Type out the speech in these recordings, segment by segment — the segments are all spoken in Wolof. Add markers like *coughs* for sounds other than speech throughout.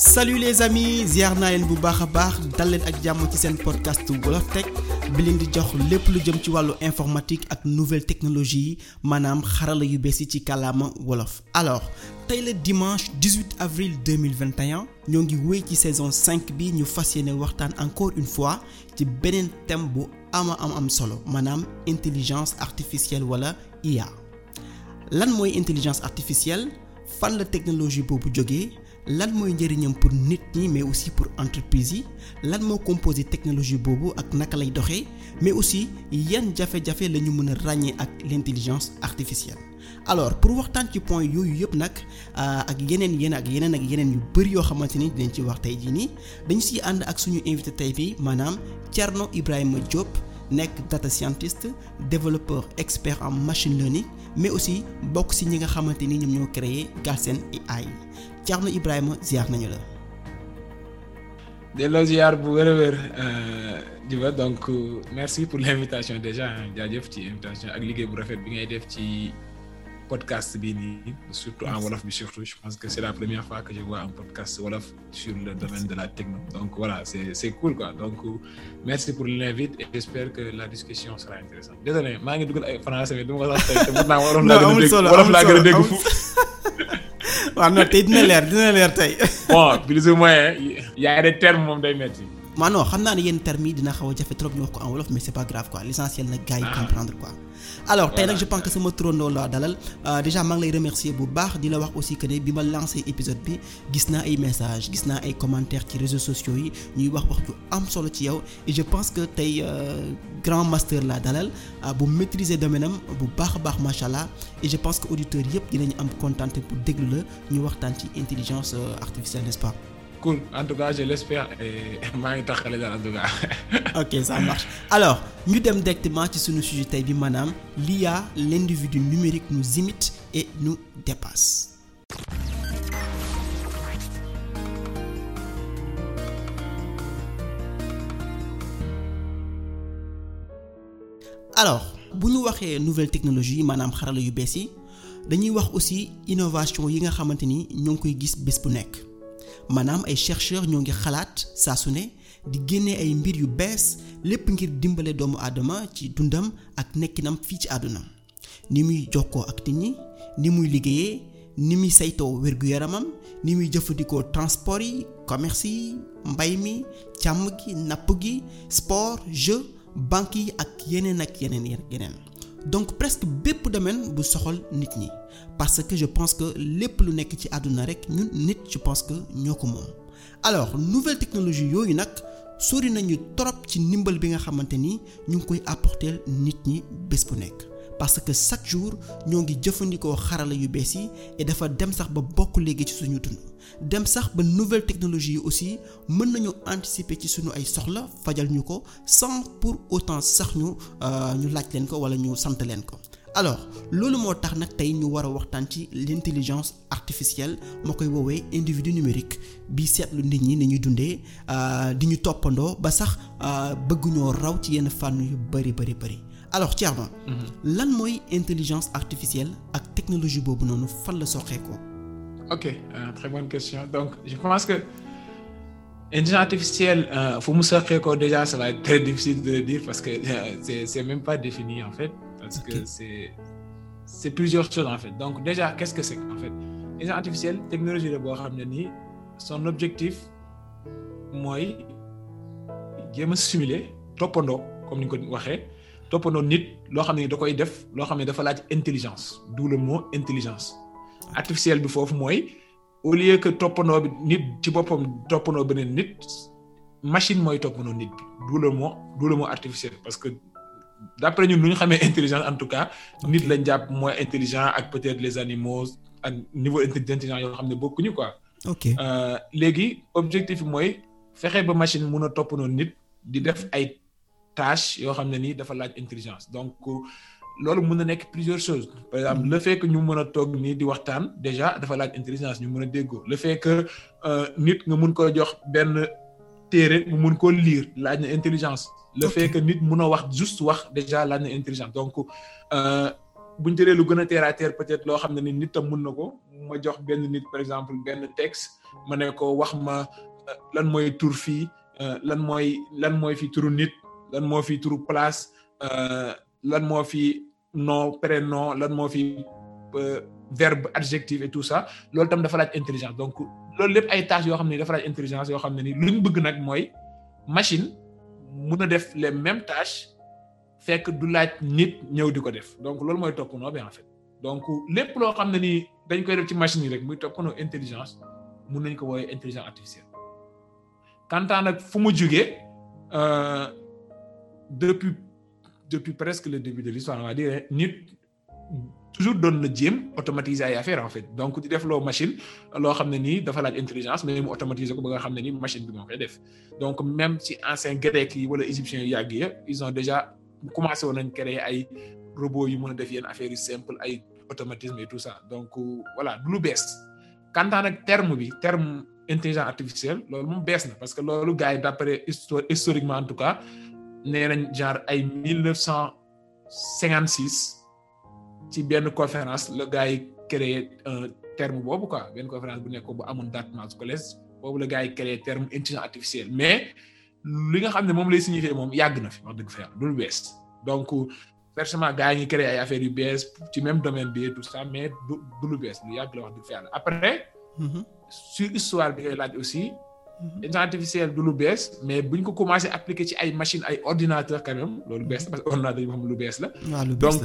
salut les amis ziar naa bu baax a baax dal ak jàmm ci seen podcast Wolof Tech bi leen di jox lépp lu jëm ci wàllu informatique ak nouvelle technologie yi maanaam xarala yu bees yi ci kàllaama wolof alors tey la dimanche 18 avril 2021 ñoo ngi wéy ci saison 5 bi ñu fas yéene waxtaan encore une fois ci beneen thème bu ama am am solo maanaam intelligence artificielle wala IA lan mooy intelligence artificielle fan la technologie boobu jógee lan mooy njëriñam pour nit ñi mais aussi pour entreprise yi lan moo composé technologie boobu ak naka lay doxee mais aussi yan jafe-jafe la ñu mën a ràññee ak l'intelligence artificielle alors pour waxtaan ci point yooyu yëpp nag euh, ak yeneen yeneen ak yeneen ak yeneen yu bëri yoo xamante ni dinañ ci wax tey jii nii dañu siy ànd ak suñu invité tey fii maanaam Thierno Ibrahima Diop nekk data scientist développeur expert en machine learning mais aussi bokk si ñi nga xamante ni ñoom ñoo créé Galsen AI Thierno Ibrahima ziar nañu la. delloo ziar bu wér a wér euh, Diba donc merci pour l'invitation déjà jaajëf ci invitation ak liggéey bu rafet bi ngay def ci podcast bi nii surtout en wolof bi surtout je pense que c'est la première fois que je vois un podcast wolof sur le domaine de la techno donc voilà c'est c'est cool quoi donc merci pour l'invite et j'espère que la discussion sera intéressante désolé maa ngi dugal ay français mais du ma ko sax tey te naa waroon *laughs* waaw non tey dina leer dina leer tey. bon plus ou moins. moom day metti maanaam xam naa ni yenn termes yi dina xaw a jafe trop ñu wax ko en wolof mais c'est pas grave quoi ah. comprendre quoi. alors tey nag je pense que sama turandoo laa dalal euh, déjà maa ngi lay remercier bu baax di la wax aussi que ne bi ma lancé épisode bi gis naa ay message gis naa ay commentaires ci réseaux sociaux yi ñuy wax wax ju am solo ci yow et je pense que tey euh, grand master laa dalal euh, bu maîtriser domaine am bu baax a baax macha allah et je pense que auditeurs yëpp dinañu am contenté pour déglu la ñu waxtaan ci intelligence artificielle nest pas. cool en tout cas je *laughs* maa ngi taxale daal en tout cas. *laughs* ok ñu dem directement ci sunu sujet tey bi maanaam l'IA l'individu numérique nous imite et nous dépasse. bu ñu waxee nouvelle technologie maanaam xarala yu bees yi dañuy wax aussi innovation yi nga xamante ni ñoo ngi koy gis bés bu nekk. maanaam ay chercheurs ñoo ngi xalaat saa ne di génne ay mbir yu bees lépp ngir dimbale doomu aadama ci dundam ak nekkinam fii ci àdduna ni muy jokkoo ak nit ñi ni muy liggéeyee ni muy saytoo wér yaramam ni muy jëfandikoo transport yi commerce yi mbay mi càmm gi napp gi sport jeu banque yi ak yeneen ak yeneen yeneen donc presque bépp domaine bu soxal nit ñi parce que je pense que lépp lu nekk ci àdduna rek ñun nit je pense que ñoo ko moom alors nouvelle technologie yooyu nag sori nañu torop ci ndimbal bi nga xamante ni ñu ngi koy apporter nit ñi bés bu nekk parce que chaque jour ñoo ngi jëfandikoo xarala yu bees yi dafa dem sax ba bokk léegi ci suñu dund dem sax ba nouvelle technologie yi aussi mën nañu anticiper ci suñu ay soxla fajal ñu ko sans pour autant sax ñu euh, ñu laaj leen ko wala ñu sant leen ko alors loolu moo tax nag tey ñu war a waxtaan ci l'intelligence artificielle moo koy woowee individu numérique bi seetlu nit ñi ni ñuy dundee euh, di ñu toppandoo ba sax euh, bëgg ñoo raw ci yenn fànn yu bari bari bari alors Thierno. Mhm. lan mooy intelligence artificielle ak technologie boobu noonu fan la soqee ko ok euh, très bonne question donc je pense que intelligence artificielle euh, fu mu soqee ko déjà ça va très difficile de dire parce que euh, c'est c'est même pas défini en fait parce que c'est c'est plusieurs choses en fait donc déjà qu'est-ce que c'est en fait intelligence artificielle technologie la boo xam ne nii son objectif mooy jéem a simuler toppandoo comme ni ñu ko waxee toppandoo nit loo xam ne da koy def loo xam ne dafa laaj intelligence d'où le mot intelligence. artificielle bi foofu mooy au lieu que toppandoo bi nit ci boppam toppandoo beneen nit machine mooy toppandoo nit bi d'où le mot d'où parce que. d'après ñun lu ñu xamee intelligence en tout cas nit lañ jàpp mooy intelligent ak peut-être les animaux ak niveau d'intelligence yoo xam ne bokkuñu quoi. ok euh, léegi objectif bi mooy fexe ba machine mun a toppandoo nit di def ay tâche yoo xam ne nii dafa laaj intelligence donc loolu mun na nekk plusieurs choses par exemple le fekk ñu mën a toog nii di waxtaan déjà dafa laaj intelligence ñu mën a déggoo le fait que euh, nit nga mun ko jox benn téere mun koo lire laaj na le fait que nit mun a wax juste wax déjà laaj na intelligence donc euh, buñ jëlee lu gën a terre à peut-être loo xam ne ni nit tam mun na ko ma jox benn nit par exemple benn texte ma ne ko wax ma euh, lan mooy tur fii lan mooy lan mooy fi turu nit lan moo fi turu place euh, lan moo fi nom prénom lan moo fi euh, verbe adjectif et tout sax loolu tam dafa laaj intelligence donc loolu lépp ay tâches yoo xam ni dafa laaj intelligence yoo xam ne ni luñ bëgg nag mooy machine mun a def le même tâches fekk du laaj nit ñëw di ko def donc loolu mooy toppandoo bi en fait donc lépp loo xam ne ni dañ koy def ci machine yi rek muy toppandoo intelligence mun nañ ko woowee intelligence artificielle quant fu mu jugee euh, depuis depuis presque le début de l'histoire on va dire nit toujours doon na automatiser ay affaire en fait donc di def loo machine loo xam ne nii dafa laaj intelligence mais mu automatiser ko ba nga xam ne nii machine bi moo koy def donc même ci ancien grec yi wala égyptiens yu yàgg ya ils ont déjà commencé woon nañ créer ay robot yi mën a def yenn affaire yi simple ay automatisme et tout ça donc voilà lu bees quant à nag terme bi terme intelligence artificielle na parce que loolu gars nee nañ genre ay mille neuf cent cinquante six ci benn conférence la gars yi créé un euh, terme boobu quoi benn conférence bu nekk bu amoon date masse collège boobu la gars yi créé terme intelligence artificielle mais li nga xam ne moom lay signifier moom yàgg na fi wax dëgg fa bees donc forcément gars yi ñu créé ay affaires yu bees ci même domaine bi et tout ça mais du du bees lu yàgg la wax dëgg fa yàlla après. Mhm. sur histoire bi ngay laaj aussi. Mhm. intelligence artificielle du lu bees mais buñ ko commencé appliquer ci ay machine ay ordinateur yi nga xam lu bees la. waaw ah, lu bees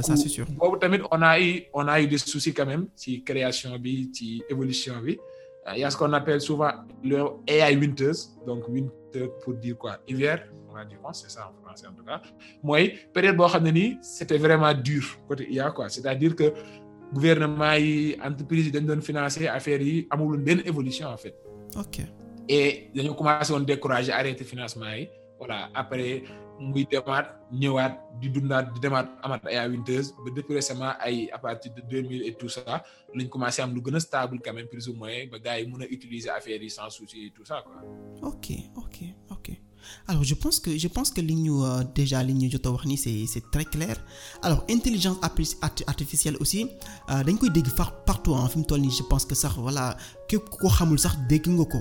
la donc boobu tamit on a eu on a eu des ci création bi ci évolution bi il euh, y a ce qu'on appelle souvent le AI winters donc winter pour dire quoi hiver on va dire mooy période boo xam ne nii c'était vraiment dur côté ya quoi c'est-à-dire que gouvernement yi entreprise yi dañ doon financer affaire yi amul benn évolution en fait. et dañu commencé woon décourager arrêté financement yi voilà après muy demaat ñëwaat di dundaat di demaat amat ay awinteuse ba depuis récemment ay à partir de deux mille et tout ça commencer am lu gën a stable quand même plus ou ba gars yi mën a utiliser affaire yi sans souci et tout ça quoi. ok ok ok. alors je pense que je pense que li ñu euh, déjà li ñu jot a wax ni c'est c'est très clair alors intelligence artificielle aussi euh, dañ koy dégg far partout en fi mu toll nii je pense que sax voilà képp ko xamul sax dégg nga ko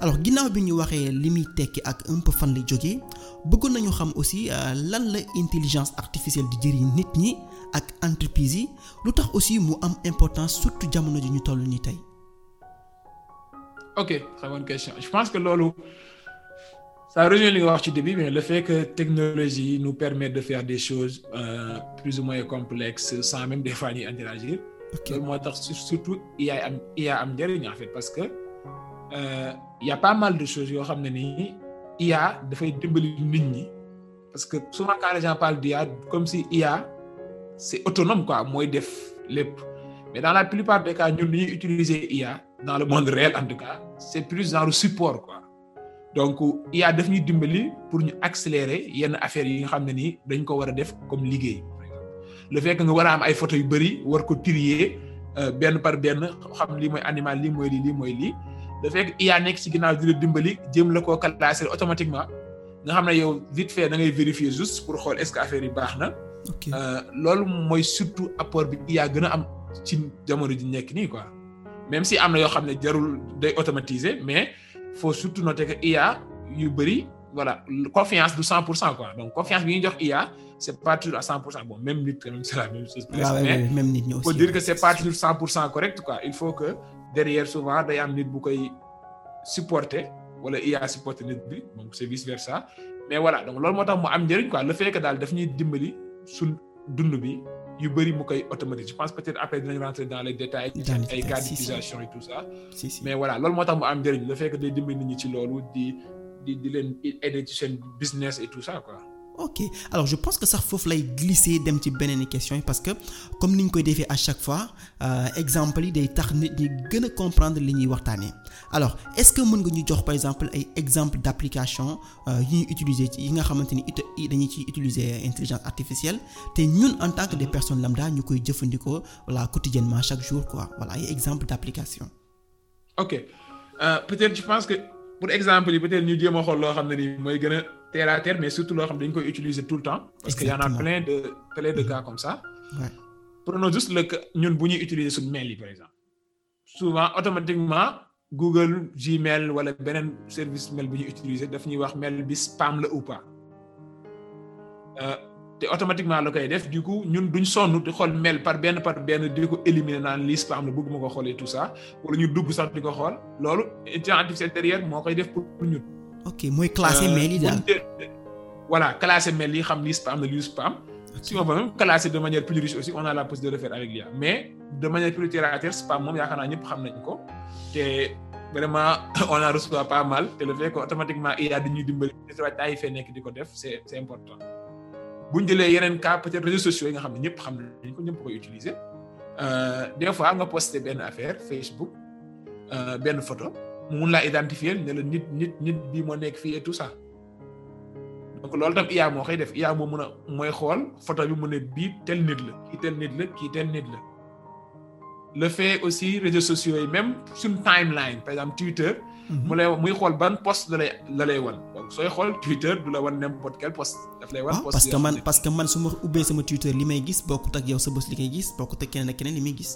alors ginnaaw bi ñu waxee li muy tekki ak un peu fan lay jógee bëggoon nañu xam aussi euh, lan la intelligence artificielle di jëriñ nit ñi ak entreprise yi lu tax aussi mu am importance surtout jamono ji ñu toll nii tey. ok je pense que loolu. ça rejoint li nga wax ci début mais le fait que technologie nous permet de faire des choses euh, plus ou moins complexes sans même des fois ñuy interagir. ok loolu moo tax surtout IA am IA am njëriñ parce que euh, y a pas mal de choses yoo xam ne ni IA dafay dimbali nit ñi parce que souvent quand les d'IA comme si IA c'est autonome quoi mooy def lépp mais dans la plupart des cas ñun ñuy utiliser IA dans le monde réel en tout cas c'est plus genre support quoi. donc IA daf ñuy dimbali pour ñu accélérer yenn affaires yi nga xam ne nii dañ ko war a def comme liggéey le fait que nga war a am ay photos yu bëri war ko trier euh, benn par benn xam lii mooy animal lii mooy lii lii mooy lii le fait que nekk ci ginnaaw di dimbali jëm la koo classer automatiquement nga xam ne yow vite fait da ngay vérifier juste pour xool est-ce que baax na. Euh, loolu mooy surtout apport bi IA gën a am ci jamono ji nekk nii quoi même si am na yoo xam ne jarul day automatiser mais. faut surtout noter que yu bëri wala confiance du 100 pour cent quoi donc confiance bi ñuy jox IA c'est pas toujours à 100 pour cent bon même nit quand même c'est la même chose. waaw ah même nit ñi aussi faut dire que c'est pas toujours 100 pour cent correct nit bu koy supporter wala IA supporter nit bi donc c'est vice versa mais voilà donc loolu moo tax mu am njëriñ quoi le fait daal daf ñuy dimbali suñ dund bi. yu bëri mu koy automatique je pense peut-être après dinañ rentrer dans les détails ay cas et tout ça mais voilà loolu moo tax mu am njëriñ le fait que day dimbali nit ci loolu di di leen aider ci seen business et tout ça quoi ok alors je pense que sax foofu lay glisser dem ci beneen question yi parce que comme ni ñu koy defee à chaque fois euh, exemple yi day tax nit ñi gën comprendre li ñuy waxtaanee alors est-ce que mën nga ñu jox par exemple ay exemple d'application euh, yi ñuy utiliser yi nga xamante ni dañuy ciy utiliser intelligence artificielle te ñun en tant que des personnes lambda ñu koy jëfandikoo voilà quotidiennement chaque jour quoi voilà ay exemple d'application. ok euh, peut-être pense que pour exemple yi peut ñu jéem a xool loo xam ne nii mooy gën terre à terre mais surtout loo xam dañ koy utiliser tout le temps. parce que y en a plein de plein de cas comme ça. prenons juste le ñun bu ñuy utiliser suñu mail yi par exemple. souvent automatiquement Google Gmail wala beneen service mail bu ñu utiliser daf ñuy wax mail bis spam la ou pas. Euh, te automatiquement la koy def du ñun duñ sonn di xool mail par benn par benn di ko éliminer naan lii spam la bëgguma ko xoolee tout ça wala ñu dugg sax di ko xool loolu intelligence artificielle moo koy def pour ok mooy classer euh, mail yi daal voilà classer mail yi xam lii spam na lii spam. si on veut même classer de manière plus aussi on a la possibilité de le faire avec l'IA mais de manière plus terre spam moom yaakaar naa ñëpp xam nañ ko te vraiment *coughs* on en reçoit pas mal te le fait que automatiquement IA ay fee nekk di ko def c'est c'est important. bu ñu jëlee yeneen cas peut-être sociaux yi nga xam ne ñëpp xam nañ ko ñëpp koy utiliser euh, des fois nga poster benn affaire Facebook euh, benn photo. mun laa identifier ne la nit nit nit bii moo nekk fii et tout ça loolu tam IA moo koy def IA moo mun a mooy xool photo bi mu ne bii tel nit la kii tel nit la kii tel la le fait aussi réseaux sociaux yi même suñu timeline par exemple Twitter. Mhm. mu lay muy xool ban post la lay la lay wan donc sooy xool Twitter du la wan n'importe quel post daf lay wan ah, post que man parce que man su ma ubbee sama Twitter li may gis bokkut ak yow sa bës li ngay gis bokkut ak keneen ak keneen muy gis.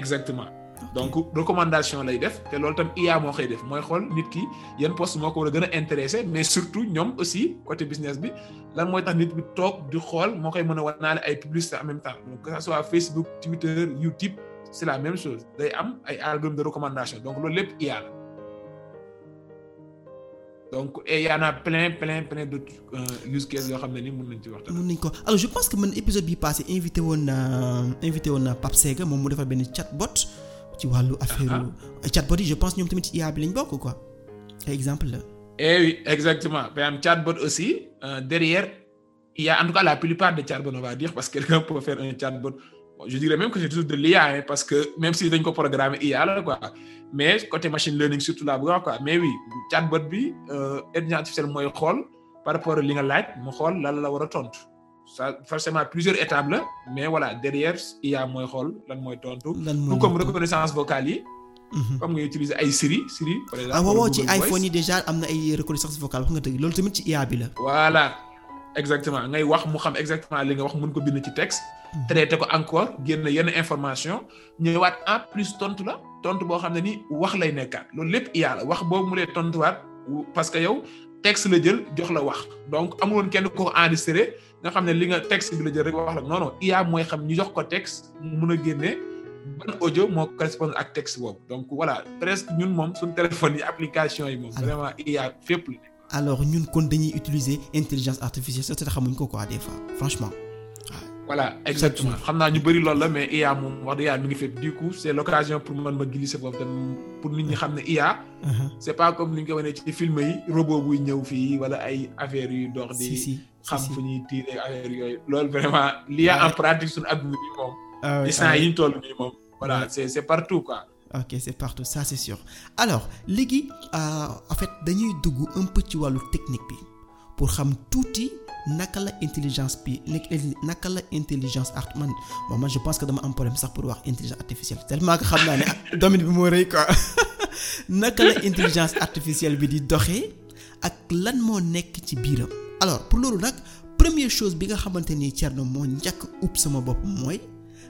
exactement. donc recommandation lay def te loolu tam IA moo koy def mooy xool nit ki yan poste moo ko war a gën a intéressé mais surtout ñoom aussi côté business bi lan mooy tax nit bi toog di xool moo koy mën a wanaale ay publicité en même temps donc que ça soit Facebook Twitter YouTube c'est la même chose am ay algorithme donc loolu lépp IA la donc et y euh, xam ne ni mën nañ ci waxtaan. mën nañ ko alors je pense que man épisode bi passé invité woon na invité woon na Pape Sega moom mu defar benn chatbot. ci wàllu ah, affaire ah. chatbot yi je pense ñoom tamit ci IA bi lañ bokk quoi exemple la. eh oui exactement par exemple chatbot aussi euh, derrière il y a en tout cas la plupart des chatbots on va dire parce que quelqu'un peut un chatbot je dirais même que c'est toujours de l'IA parce que même si dañ ko programmer IA la quoi mais côté machine learning surtout la bëgg quoi mais oui chatbot bi euh, intelligence artificielle mooy xool par rapport li nga laaj mu xool lan la war a tontu. ça forcément plusieurs étapes la mais voilà derrière IA mooy xool lan mooy tontu. lan mooy tontu comme reconnaissance vocale yi. Mhm. comme nga utiliser ay Siri Siri. par exemple ah, ci iPhone yi déjà am na ay reconnaissance vocale wax nga dëgg loolu tamit ci IA bi la. voilà exactement ngay wax mu xam exactement li nga wax mun ko bi bind ci texte. Mhm. traité ko encore génn yenn information ñëwaat en plus tontu la tontu boo xam ne ni wax lay nekkaat loolu lépp IA la wax boobu mu lay tontuwaat parce que yow texte la jël jox la wax donc amuloon kenn ko enregistré. nga xam ne li nga texte bi la jël rek wax la non IA mooy xam ñu jox ko texte mu mun a génne ban audio moo correspondre ak texte boobu donc voilà presque ñun moom suñu téléphone yi application yi moom. vraiment IA fépp la nekk. alors ñun kon dañuy utiliser intelligence artificielle sax xamuñ ko quoi des fois franchement. voilà naa ñu bëri loolu la mais moom wax dëgg yàlla mi ngi fépp du coup c' est l' occasion pour man ma glisser foofu tam pour nit xam ne IA. Uh-huh. comme ni ñu ko wanee ci film yi robot buy ñëw fii wala ay affaires yu dox. di xam fu ñuy yooyu loolu vraiment li en pratique suñu adduna bi moom. Ah instant ah yi ñu toll nii moom voilà c'est c'est partout quoi. ok c'est partout ça c'est sûr alors léegi euh, en fait dañuy dugg un peu ci wàllu technique bi pour xam tuuti naka la intelligence bi naka la intelligence art man moom man je pense que dama am problème sax pour wax intelligence artificielle tellement que xam naa ne *laughs* domaine bi moo rëy quoi *laughs* naka la intelligence artificielle bi di doxee ak lan moo nekk ci biiram. alors pour loolu nag première chose bi nga xamante ni Thierno moo njëkk ub sama bopp mooy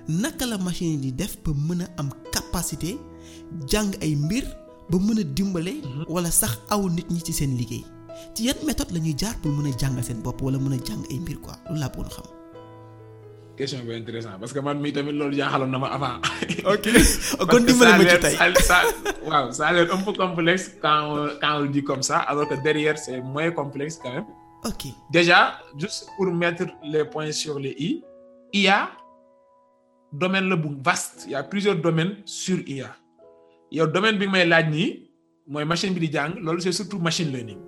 naka la machine yi di def ba mën a am capacité jàng ay mbir ba mën a dimbale. Mhm. wala sax aw nit ñi ci seen liggéey ci yan méthode la ñuy jaar pour mën a jàngal seen bopp wala mën a jàng ay mbir quoi loolu laa bëggoon xam. question bu intéressant parce que man mii tamit loolu jaaxaloon na ma avant. *laughs* ok kon dimbale ma ci tey waaw ça a l'air un peu complexe quand quand ok déjà juste pour mettre les points sur les i IA domaine la bu vaste il y a plusieurs domaines sur IA yow domaine bi nga may laaj nii mooy machine bi di jàng loolu c'est surtout machine learning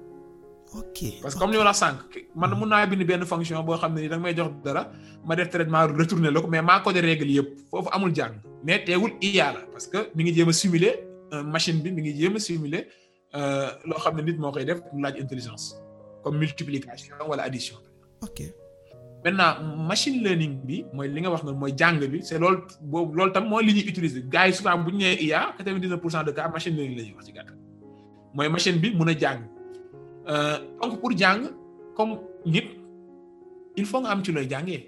ok parce que comme ni ma la sànq man mun naa bind benn fonction boo xam ne da may jox dara ma def traitement retourner la mais maa ko de yëpp foofu amul jàng mais teewul IA la parce que mi ngi jéem a simuler euh, machine bi mi ngi jéem a simuler euh, loo xam ne nit moo koy def mu laaj intelligence. comme multiplication wala addition. ok maintenant machine learning bi mooy li nga wax noonu mooy jàng bi se lool boobu loolu tam mooy li ñuy utiliser gars yi souvent bu ñu nee IA quatre vingt dix pour cent de cas machine learning la wax ci gàttal mooy machine bi mun a jàng euh, donc jàng comme nit il am ci looy jàngee.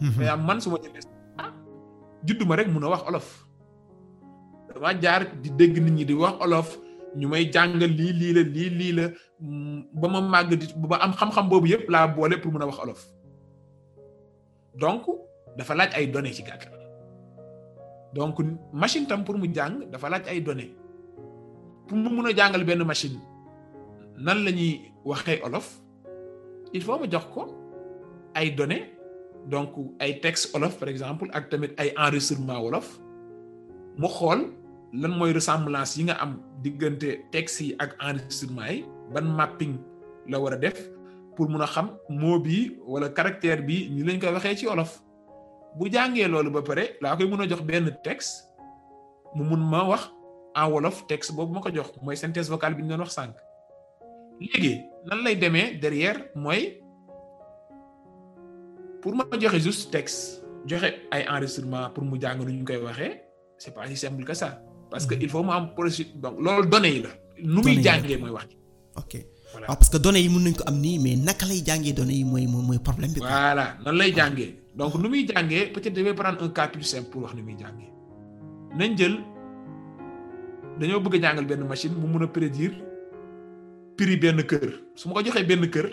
Mhm. mais man su ma jëlee ah juddu ma rek mun a wax olof dama jaar di dégg nit ñi di wax olof ñu may jàngal lii lii la lii lii la ba ma màgg di ba am xam-xam boobu yëpp laa boole pour mën a wax olof donc dafa laaj ay données ci gàttal donc machine tam pour mu jàng dafa laaj ay données pour mu mun a jàngal benn machine nan la ñuy waxee olof il faut ma jox ko ay données donc ay texte olof par exemple ak tamit ay enregistrement wolof mu xool lan mooy ressemblance yi nga am diggante texte yi ak enregistrement yi. ban mapping la war a def pour mun a xam mot bi wala caractère bi ñu lañ koy waxee ci wolof bu jàngee loolu ba pare laa koy mun a jox benn texte mu mun ma wax en wolof texte boobu ma ko jox mooy synthèse vocale bi ñu doon wax sànq léegi nan lay demee derrière mooy pour ma joxe juste texte joxe ay enregistrement pour mu jàng nu ñu koy waxee c'est pas simple que ça parce que hmm. il faut mu am procédure donc lool données yi la nu muy jàngee mooy wax ok voilà waaw ah, parce que données yi mën nañ ko am nii mais naka lay jàngee données yi mooy mooy problème bi. voilà noonu lay jàngee donc nu muy jàngee peut-être je vais prendre un cas plus simple pour wax ni muy jàngee nañ jël dañoo bëgg a jàngal benn machine mu mun a prédire prix benn kër su ma ko joxee benn kër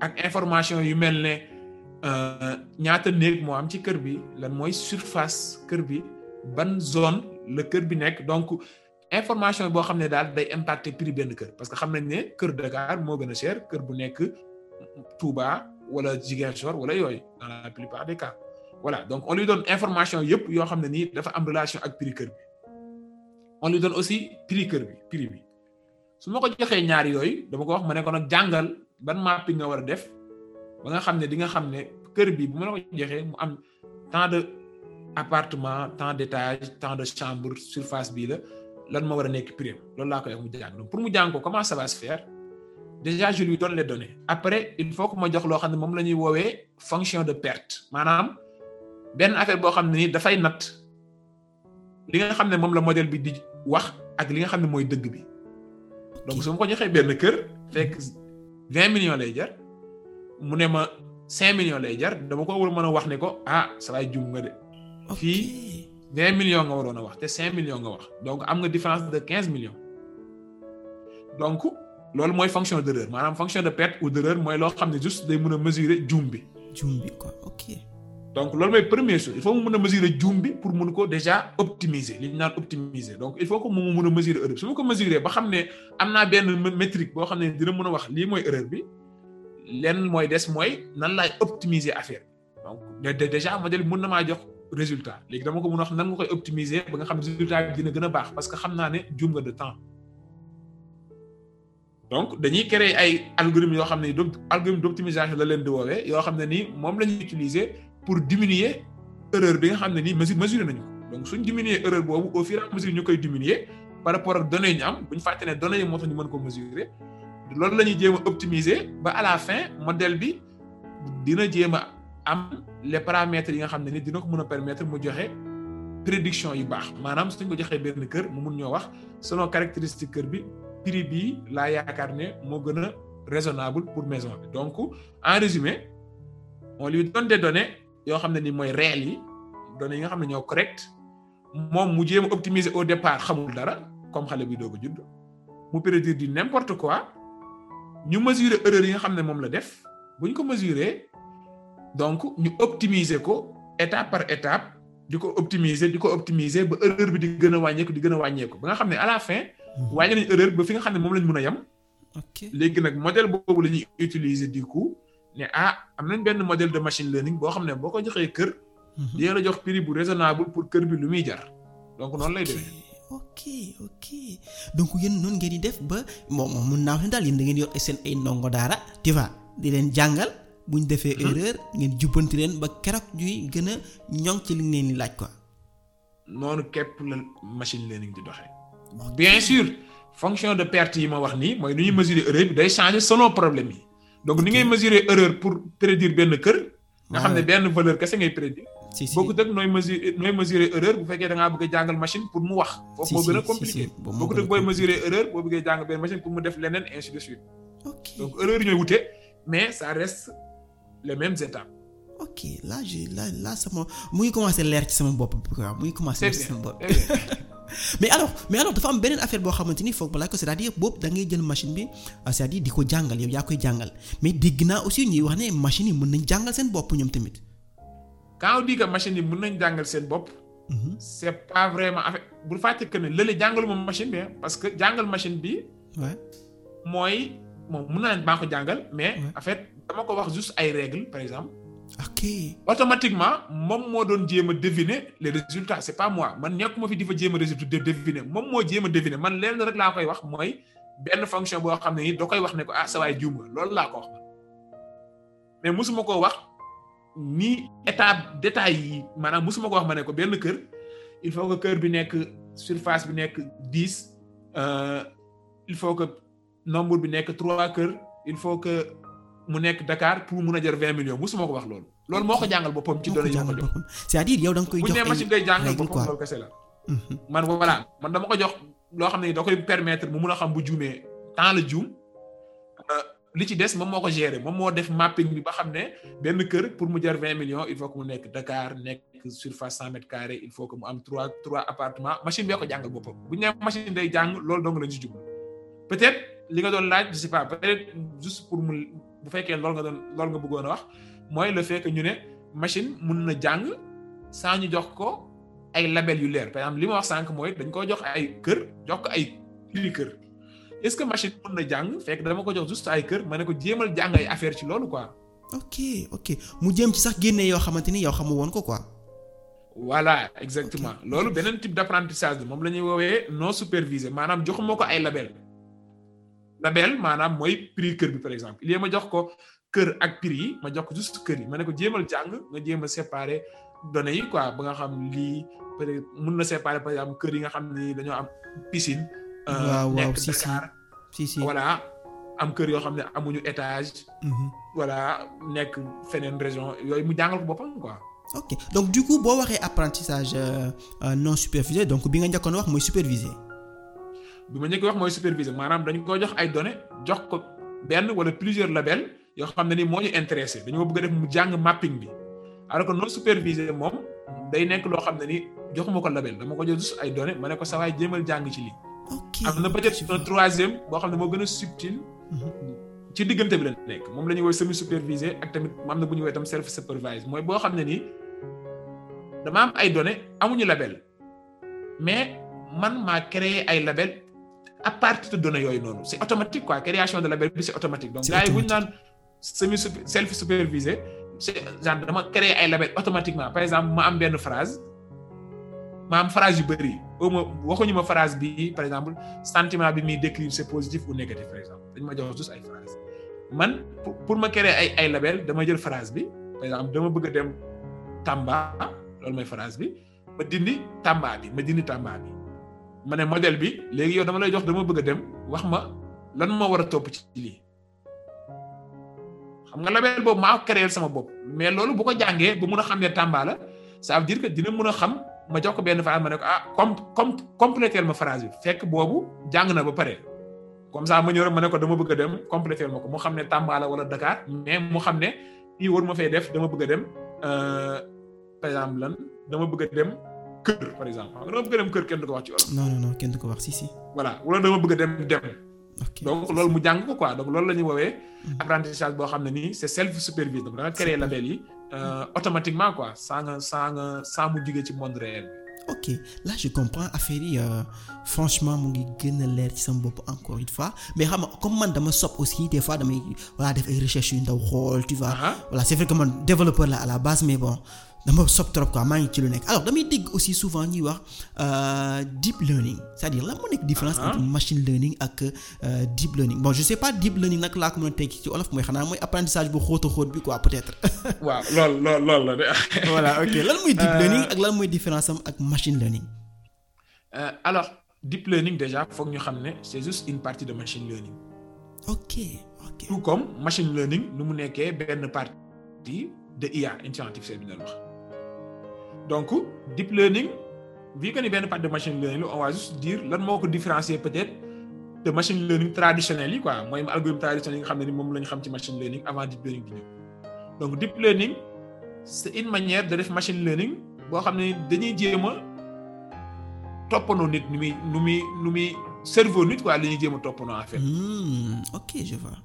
ak information yu mel ne euh, ñaata néeg moo am ci kër bi lan mooy surface kër bi ban zone la kër bi nekk donc. information boo xam ne daal day impacter prix benn kër parce que xam nañ ne kër Dakar moo gën a kër bu nekk Touba wala Ziguinchor wala yooy dans la plupart des cas voilà donc on doon information yëpp yoo xam ne nii dafa am relation ak prix kër bi on lui aussi prix kër bi prix bi su ma ko joxee ñaar yooyu dama ko wax ma ne ko nag jàngal ban mapping nga war a def ba nga xam ne di nga xam ne kër bi bu ma la ko joxee mu am temps de appartement tant d'étage tant de chambre surface bii la. lan moo war a nekk prime loolu laa koy wax mu jàng donc pour mu jàng ko comment ça va se faire déjà je lui donne après il faut que ma jox loo xam ne moom la ñuy woowee fonction de perte maanaam benn affaire boo xam ne ni dafay natt li nga xam ne moom la modèle bi di wax ak li nga xam ne mooy dëgg bi donc su ma ko joxee benn kër fekk vingt millions lay jar mu ne ma cinq millions lay jar dama ko war a mën wax ne ko ah saa jum nga de vingt millions nga waroon wax te cinq millions nga wax donc am nga différence de quinze millions donc loolu mooy fonction d'erreur maanaam fonction de perte ou d'erreur mooy loo xam ne juste day mën a mesurer juum bi. loolu mooy premier chose il faut mu mën a mesurer juum bi pour mun ko déjà optimiser li ñu naan optimiser donc il faut que mu mën a mesurer erreur bi su ma ko mesurer ba xam ne am naa benn métrique boo xam ne dina mën a wax lii mooy erreur bi lenn mooy des mooy nan laay optimiser affaire bi donc déjà modèle mun na maa jox. résultat léegi dama ko mun a nan nga koy optimiser ba nga xam résultat bi dina gën a baax parce que xam naa ne juum nga de temps donc dañuy créer ay algorithme yoo xam ne do algorithme d'optimisation la leen di woowee yoo xam ne nii moom la ñuy utiliser pour diminuer erreur bi nga xam ne nii mesure mesuré nañu ko donc suñ diminuer erreur boobu au fur et à mesure ñu koy diminuer par rapport ak données yi ñu am bu ñu fàtte ne données yi moo tax ñu mën ko mesurer loolu la ñuy jéem a ba à la fin modèle bi dina jéem a am les paramètres yi nga xam ne ni dina ko mën a permettre mu joxe prédiction yu baax maanaam suñ ko joxee benn kër mu mun ñoo wax selon caractéristique kër bi prix bii laa yaakaar ne moo gën a raisonnable pour maison bi en résumé on lui donne des données yoo xam ne ni mooy réel yi données yi nga xam ne ñoo correct moom mu jéem a optimiser au départ xamul dara comme xale bi doo ko judd mu prédire di n'importe quoi ñu mesurer erreur yi nga xam ne moom la def buñ ko mesurer donc ñu optimiser ko étape par étape di ko optimiser di ko optimiser ba erreur bi di gën a wàññeeku di gën a wàññeeku ba nga xam ne à la fin. Mhm. wàññi nañ erreur ba fi nga xam ne moom lañ mun a yem. ok léegi nag modèle boobu la ñuy utiliser du coup ne ah am nañ benn modèle de machine learning boo xam ne boo ko joxee kër. Mhm. dina la jox prix bu raisonnable pour kër bi lu muy jar donc noonu lay demee. ok ok donc yéen noonu ngeen di def ba moom moom mun naa wax ne daal yéen da ngeen yor seen ay ndongo daara tu di leen jàngal. bu ñu defee mhm. erreur ngeen jubbanti leen ba keroog ñuy gën a ñoŋ ci li ngeen di laaj quoi. noonu képp la machine learning di doxee. bien sûr fonction de perte yi ma wax nii mooy nu ñuy mesurer erreur bi day changer selon problème yi. donc ni ngay mesurer erreur pour prédire benn kër. nga xam ne benn valeur kese ngay si si bokkut ak nooy mesurer nooy mesurer erreur bu fekkee da ngaa bëgg a jàngal machine pour mu wax. foofu moo gën a compliqué bokkut ak booy mesurer erreur boo bëggee jàng benn machine pour mu def leneen ainsi de suite. donc erreur ñooy wute mais ça reste. les mêmes étapes. ok là je là là sama mu ngi commencer leer ci sama bopp bi quoi mu ngi commencer. leer ci sama bopp *laughs* mais alors mais alors dafa am beneen affaire boo xamante ni foog balaa ko c'est-à-dire boobu da ngay jël machine bi ah, c'est-à-dire di wax ne machine yi mën nañ jàngal seen bopp ñoom tamit. quand on dit que machine yi nañ jàngal seen bopp. Mhm. c'est pas vraiment affaire bu fàtte que ne lële moom machine bi parce que jàngal machine bi. waaw mooy moom mën naa leen baa ko jàngal mais en dama ko wax juste ay règles par exemple. ok automatiquement moom moo doon jéem a deviner les résultats c'est pas moi man nekkuma fi di fa a résultat de deviner moom moo jéem a man leen rek laa koy wax mooy benn fonction boo xam ne nii doo koy wax ne ko ah sa waay loolu laa ko wax. mais mosuma koo wax ni état détail yi maanaam mosuma ko wax ma ne ko benn kër il faut que kër bi nekk surface bi nekk dix euh, il faut que nombre bi nekk trois kër il faut que. mu nekk Dakar pour mun a jar vingt millions musuma ko wax loolu. loolu moo ko jàngal boppam loo xam ne da koy permettre mu xam bu juumee temps la juum. Euh, li ci des moom moo ko gérer moom moo def mapping bi ba xam ne benn kër pour mu jar vingt millions il faut que mu nekk Dakar nekk surface cent mètres carrés il faut que mu am trois trois appartements machine bee ko jàngal boppam peut-être li nga doon laaj je sais peut-être juste pour mu bu fekkee lool nga doon lool nga bëggoon wax mooy le fekk ñu ne machine mun na jàng saa ñu jox ko ay label yu leer par exemple li ma wax sànq mooy dañ koo jox ay kër jox ko ay li kër est-ce que machine mun na jàng fekk dama ko jox juste ay kër ma ne ko jéemal jàng ay affaire ci loolu quoi. ok ok mu jéem ci sax génne yoo xamante ni yow xamu woon ko quoi. voilà exactement loolu beneen type d'apprentissage bi moom la ñuy woowee non supervisé maanaam joxuma ko ay label label maanaam mooy prix kër bi par exemple il ma jox ko kër ak prix yi ma jox ko juste kër yi ma ne ko jéemal jàng nga jéem a séparer données yi quoi ba nga xam lii peut mun na séparer par exemple kër yi nga xam ni dañoo am piscine. Euh, waaw waaw si si nekk si si voilà am kër yoo xam ne amuñu étage. Mhm. voilà nekk feneen région yooyu mu jàngal ko boppam quoi. ok donc du coup boo waxee apprentissage euh, euh, non supervisé donc bi nga njëkkoon wax mooy supervisé. bi ma njëkk wax mooy supervisé maanaam dañu ko jox ay données jox ko benn wala plusieurs labels yoo xam ne ni moo ñu intéressé dañoo bëgg a def mu jàng mapping bi alors que non supervisé moom day nekk loo xam ne ni joxuma ko label dama ko jox ay données ma ne ko sa waay jéemal jàng ci lii. ok am na peut troisième boo xam ne moo gën a mhm. ci diggante bi la nekk moom la ñuy woy semi supervisé ak tamit am na bu ñu woy tam self supervisé mooy boo xam ne nii dama am ay donné amuñu label mais man maa créé ay label à partir de yooyu noonu c'est automatique quoi création de label bi c'est automatique. donc gars yi bu ñu naan semi self supervisé c'est dama créer ay label automatiquement par exemple ma am benn phrase ma am phrase yu bëri au moins waxuñu ma phrase bi par exemple sentiment bi muy décrire c'est positif ou négatif par ma jox juste man pour ma créer ay ay label dama jël phrase bi par exemple dama bëgg a dem Tamba loolu mooy phrase bi ma Tamba bi ma dindi Tamba bi. ma ne modèle bi léegi yow dama lay jox dama bëgg a dem wax ma lan ma war a topp ci lii xam nga label boobu maa créé sama bopp mais loolu bu ko jàngee ba mun a xam ne Tamba la ça veut dire que a xam ma jox ko benn phrase ma ne ko ah comme comme compléter ma phrase bi fekk boobu jàng na ba pare comme ça ma ñëw ma ne ko dama bëgg a dem compléter ma ko mu xam ne tàmbaala la wala Dakar mais mu xam ne fii war ma fee def dama bëgg a dem euh, par exemple lan dama bëgg a dem. kër exemple xam nga dama bëgg a dem kër kenn du ko wax ci wolof. non non kenn ko wax si si. voilà dama bëgg a dem dem. donc loolu mu jàng ko quoi donc loolu la ñuy woowee. Mm. apprentissage boo xam ne nii c'est self supervisé donc da euh, nga quoi saa saa nga saa ci monde réel. ok là je comprends euh, mu ngi gën a ci sama bopp encore une fois mais xam nga comme man dama sopp aussi des fois damay voilà def ay recherche yu ndaw xool tu vois. voilà c'est vrai que développeur la à la base mais bon. dama sob trop quoi maa ngi ci lu nekk alors damay dégg aussi souvent ñuy wax euh, deep learning c'est-à-dire lan moo nekk différence ah. entre machine learning ak euh, deep learning bon je sais pas deep learning nag laa ko mën a tekki ci wolof mooy xanaa mooy apprentissage bu xóot a xóot bi quoi peut-être. *laughs* waaw lool lool la de. *laughs* voilà ok lan mooy deep euh, learning ak lan mooy différence am ak machine learning. alors deep learning déjà foog ñu xam ne c'est juste une partie de machine learning. ok ok tout machine learning nu mu nekkee benn partie de IA intelligence donc deep learning vu que benn part machine learning on va juste dire moo ko différencier peut-être de machine learning traditionnel yi quoi mooy algorithme traditionnel yi nga xam ne ni moom la ñu xam ci machine learning avant deep learning bi ñëw donc deep learning une manière de def machine learning boo xam ne dañuy jéem a toppandoo nit nu muy nu muy nu muy cerveau nit quoi la ñuy jéem a toppandoo en fait. Hmm, ok je vois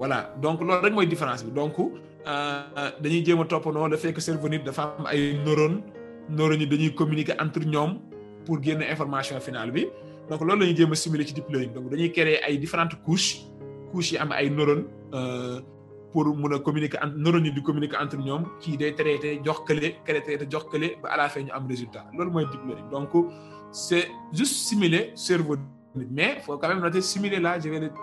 voilà donc loolu rek mooy différence bi donc euh, dañuy jéem a toppandoo dafay que cerveau nit dafa am ay neurones neurones yi dañuy communiquer entre ñoom pour génn information finale bi donc loolu la ñuy jéem a simuler ci deep learning donc dañuy créer ay différentes couches couches yi am ay neurones euh, pour mun a communiquer entre neurones yi di communiquer entre ñoom ci day traité jox kële kële traité jox kële ba à la fin ñu am résultat loolu mooy deep learning donc c'est juste simuler cerveau. mais foo quand même noter simuler là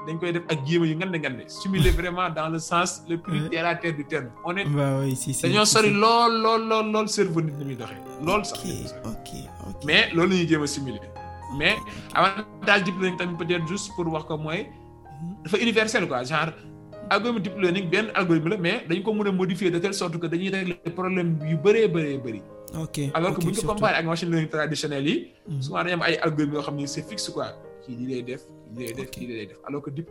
dañ koy def ak jéem yi ngande ngande simuler vraiment dans le sens le plus terre à terre du terme. on est dañoo sori lool lool lool lool cerveau nit ñi muy doxee. lool sax mais loolu la ñuy jéem a simuler mais avantage deep learning tamit peut-être juste pour wax ko mooy mhm. dafa universel quoi genre algorithme deep benn algorithme la mais dañ ko mën a modifier de telle sorte que dañuy régler problème yu bëree bëree bëri. ok alors que yi. Mhm. yoo xam ne c'est fixe kii lii lay def lii kii lii lay def alors que deep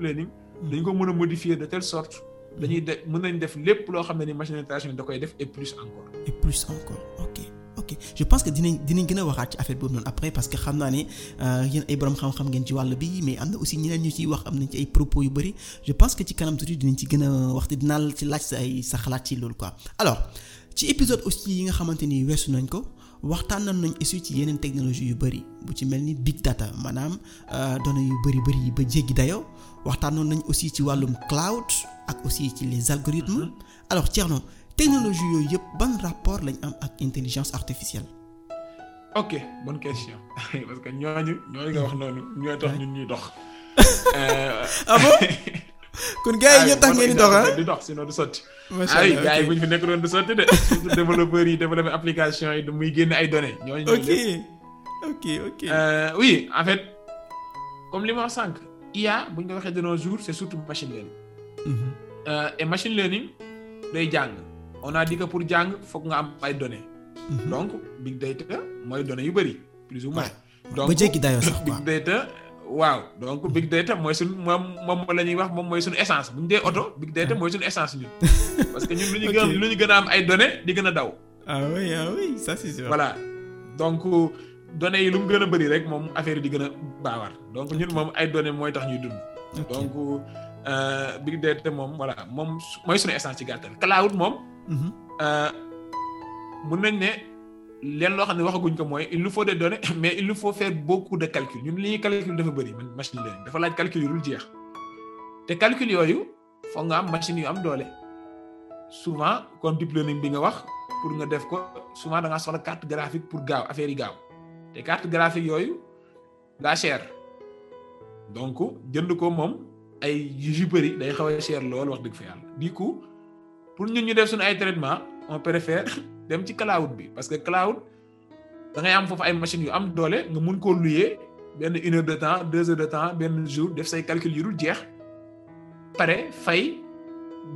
dañ ko mën a modifier de telle sorte dañuy def mën nañ def lépp loo xam ne ni machine learning da koy def et plus encore et plus encore ok ok je pense que dinañ dinañ gën a waxaat ci affaire boobu noonu après parce que xam naa ne euh, yéen ay borom xam-xam ngeen ci wàll bi mais am na aussi ñeneen ñu wax am nañ ci ay propos yu bëri je pense que ci kanam tuuti dinañ ci gën a wax dinaa laaj sa ay sa waxtaanoon nañ aussi ci yeneen technologie yu bëri bu ci mel ni big manaam maanaam euh, données yu bëri bëri yi ba jéggi dayoo waxtaanoon nañ aussi ci wàllum cloud ak aussi ci les algorithmes mm-hmm. alors Thierno technologie yooyu yëpp ban rapport lañ am ak intelligence artificielle. ok bonne question *laughs* parce que ñooñu ñooñu nga wax noonu ñooy tax ñu ñuy dox. *laughs* Euh, ah *laughs* kon gars yi ñoo tax ngeen di dox ah di dox du sotti. macha allah de. surtout développeurs yi développé application yi muy génne ay données. ñooñu ok ok ok. Euh, oui fait comme li ma sànq IA bu ko waxee de nos jours c'est surtout machine learning. Mhm. Euh, et machine learning day jàng on a dit pour jàng foog nga am ay données. Mhm. donc big data mooy données yu bëri. plus ou moins donc big data waaw donc big data mooy suñ moom moom la ñuy wax moom mooy suñu essence bu ñu dee oto big data ah. *laughs* ñu gën lu a am ay données di gën a daw. ah oui ah oui ça yi lu mu gën a bëri rek moom affaire yi di gën a baawar donc ñun moom ay done mooy tax ñuy dund. donc euh, big data moom voilà moom mooy suñu essence ci gàttal cloud moom. Mhm. Euh, mun nañ ne. leen loo xam ne waxaguñ ko mooy il nous faut des données *laughs* mais il nous faut faire beaucoup de calcul ñun li ñuy calcul dafa bëri machine learning dafa laaj calcul yu dul jeex te calcul yooyu foog nga am machine yu am doole souvent kon deep bi nga wax pour nga def ko souvent da ngaa soxla carte graphique pour gaaw affaire yi gaaw te carte graphique yooyu daa cher donc jënd ko moom ay yu bëri day xaw a cher lool wax dëgg fa yàlla du coup pour ñun ñu def suñu ay traitement on *laughs* dem ci cloud bi parce que cloud da ngay am foofu ay machine yu am doole nga mun koo louer benn une heure de temps deux heures de temps benn jour def say calcul yu dul jeex pare fay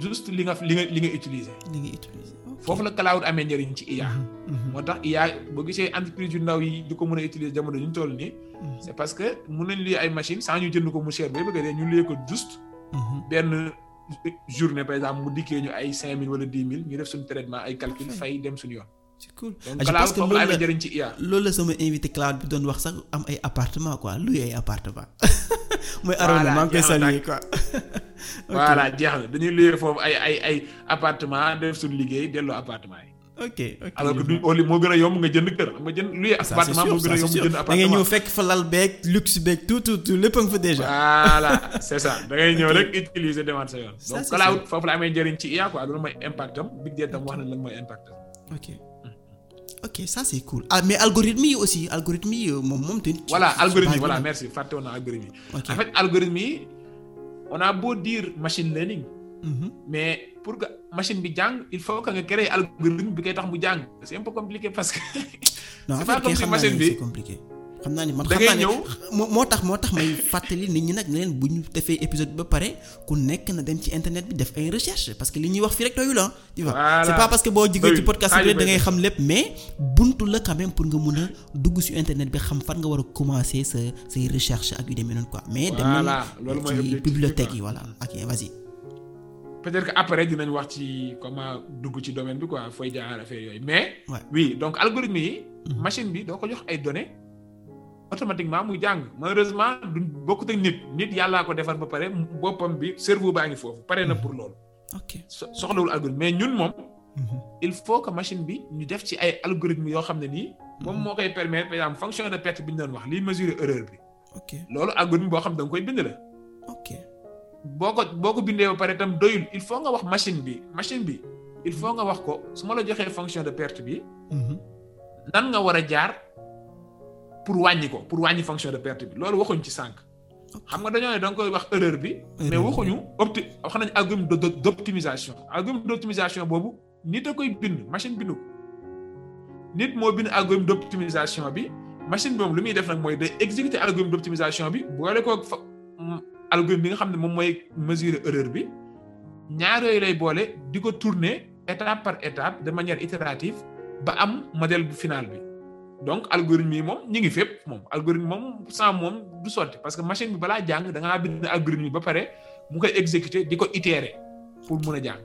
just li nga li nga li nga utiliser. li nga utiliser foofu la cloud amee njëriñ ci IA. Mhm, mhm. moo tax IA boo gisee entreprise yu ndaw yi di ko mën a utiliser jamono ñu toll nii. Mhm. c'est parce que mun nañ louer ay machine sans ñu jënd ko mu cher ba bëgg a dee ñu louer ko juste benn. journée par exemple mu dikkee ñu ay cinq mille wala dix mille ñu def suñu traitement ay calcul fay dem suñu yoon. c'est cool donc ah, loolu la jëriñ sama invité cloud bi doon wax sax am ay appartement quoi luy ay appartement *laughs* mooy Arona maa ngi koy saluer quoi *laughs* voilà jeex na dañuy luye foofu ay ay ay appartement def suñu liggéey delloo appartement yi ok ok alors que duñ li moo gën a yomb nga jënd kër nga jënd luy appartement moo gën a yomb jënd appartement da ngay ñëw fekk fa lal beeg luxe beeg tout tout tout lépp a nga fa déjà voilà c'est ça da ngay ñëw rek utiliser demaat sa yoon donc cloud foofu la amee njëriñ ci IA quoi loolu mooy impact am big data tam wax na lan mooy impact am ok ok ça c'est cool ah mais algorithme yi aussi algorithme yi euh, moom moom tamit voilà algorithme yi voilà merci fàtte woon naa algorithme yi en fait algorithme yi on a beau dire machine learning Mm-hmm. mais pour que machine bi jàng il faut que nga créer algorithme bi koy tax mu jàng c'est un peu compliqué que. non affaire bi xam naa ne c'est compliqué. xam naa ne man xam naa ne moo tax moo tax may fàttali nit ñi nag ne leen bu ñu defee épisode ba pare ku nekk na dem ci internet bi def ay recherche parce que li ñuy wax fii rek doyul la tu vois c'est pas parce boo jigee ci podcast bi da ngay xam lépp mais buntu la quand même pour nga mun a dugg ci internet bi xam fan nga war a commencer sa say recherche ak yu demee mais dem nañ ci bibliothèque yi voilà peut-être que après dinañ wax ci comment dugg ci domaine bi quoi fooy jaar affaire yooyu mais. Ouais. oui donc algorithme yi. Mhm. machine bi doo ko jox ay données automatiquement muy jàng ma malheureusement du bokkut ak nit nit yàllaa ko defar ba pare boppam bi cerveau baa ngi foofu paree na mhm. pour loolu. ok soxlawul algorithme mais ñun moom. Mhm. il faut que machine bi ñu def ci ay algorithme yoo xam ne nii. moom moo koy permettre par exemple fonction de perte bi ñu doon wax liy mesurer erreur bi. ok loolu algorithme boo xam da nga koy bind la. boo ko boo ko bindee ba pare itam doyul il faut nga wax machine bi machine bi il faut nga wax ko su ma la joxee fonction de perte bi. Mhm. nan nga war a jaar pour wàññi ko pour wàññi fonction de perte bi loolu waxuñ ci sànq. xam nga dañoo ne da koy wax erreur bi. mais waxuñu opti wax nañ algorithme d' optimisation. algorithme d' optimisation boobu nit a koy bind machine bindu ko nit moo bind algorithme d' optimisation bi machine bi moom lu muy def nag mooy day exécuter algorithme d' optimisation bi boole algorithme bi nga xam ne moom mooy mesurer erreur bi ñaar yooyu lay boole di ko tourner étape par étape de manière itérative ba am modèle bu final bi donc algorithme yi moom ñi ngi fépp moom algorithme moom sans moom du sotti parce que machine bi balaa jàng dangaa ngaa bind algorithme yi ba pare mu koy exécuter di ko itérer pour mun a jàng.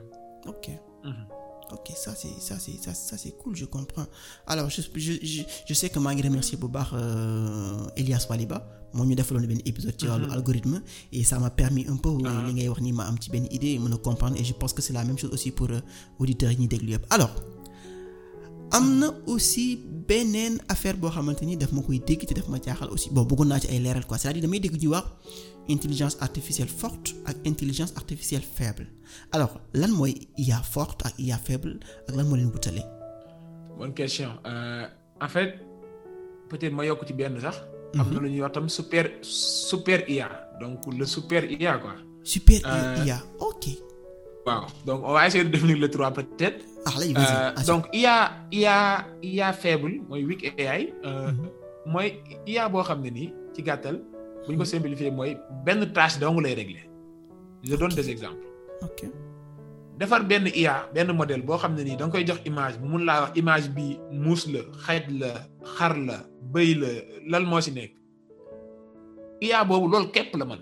ok. mm sa ok ça c'est ça c'est ça ça c'est cool je comprends alors je je je sais que maa ngi remercier bu baax euh, Elias Waliba. moo ñu defaloon benn épisode ci wàllu mhm. algorithme et ça m'a permis un peu ah. li ngay wax ni ma am ci benn idée mën a comprendre et je pense que c'est la même chose aussi pour euh, auditeurs yi ñuy déglu yëpp alors am na aussi beneen affaire boo xamante ni daf ma koy dégg te daf ma jaaxal aussi boo bëggoon naa ci ay leeral quoi c'est-à-dire damay dégg ñu wax intelligence artificielle forte ak intelligence artificielle faible alors lan mooy IA forte ak IA faible ak lan moo leen wutale bonne euh, ci benn sax am mhm. na lu ñuy wax tam super super IA donc le super IA quoi. super euh, ok. waaw donc on va essayer de le trois peut-être. ah allez, vas-y, euh, donc IA IA IA faible mooy weak AI. Euh, mhm. mooy IA boo xam ne ni ci gàttal. bu ñu ko simplifier mooy benn tâche dong lay régler. je donne des exemples. ok. defar benn IA benn modèle boo xam ne nii da nga koy jox image bi mun laa wax image bi muus la xaj la xar la bëy la lan moo ci nekk IA boobu loolu képp la man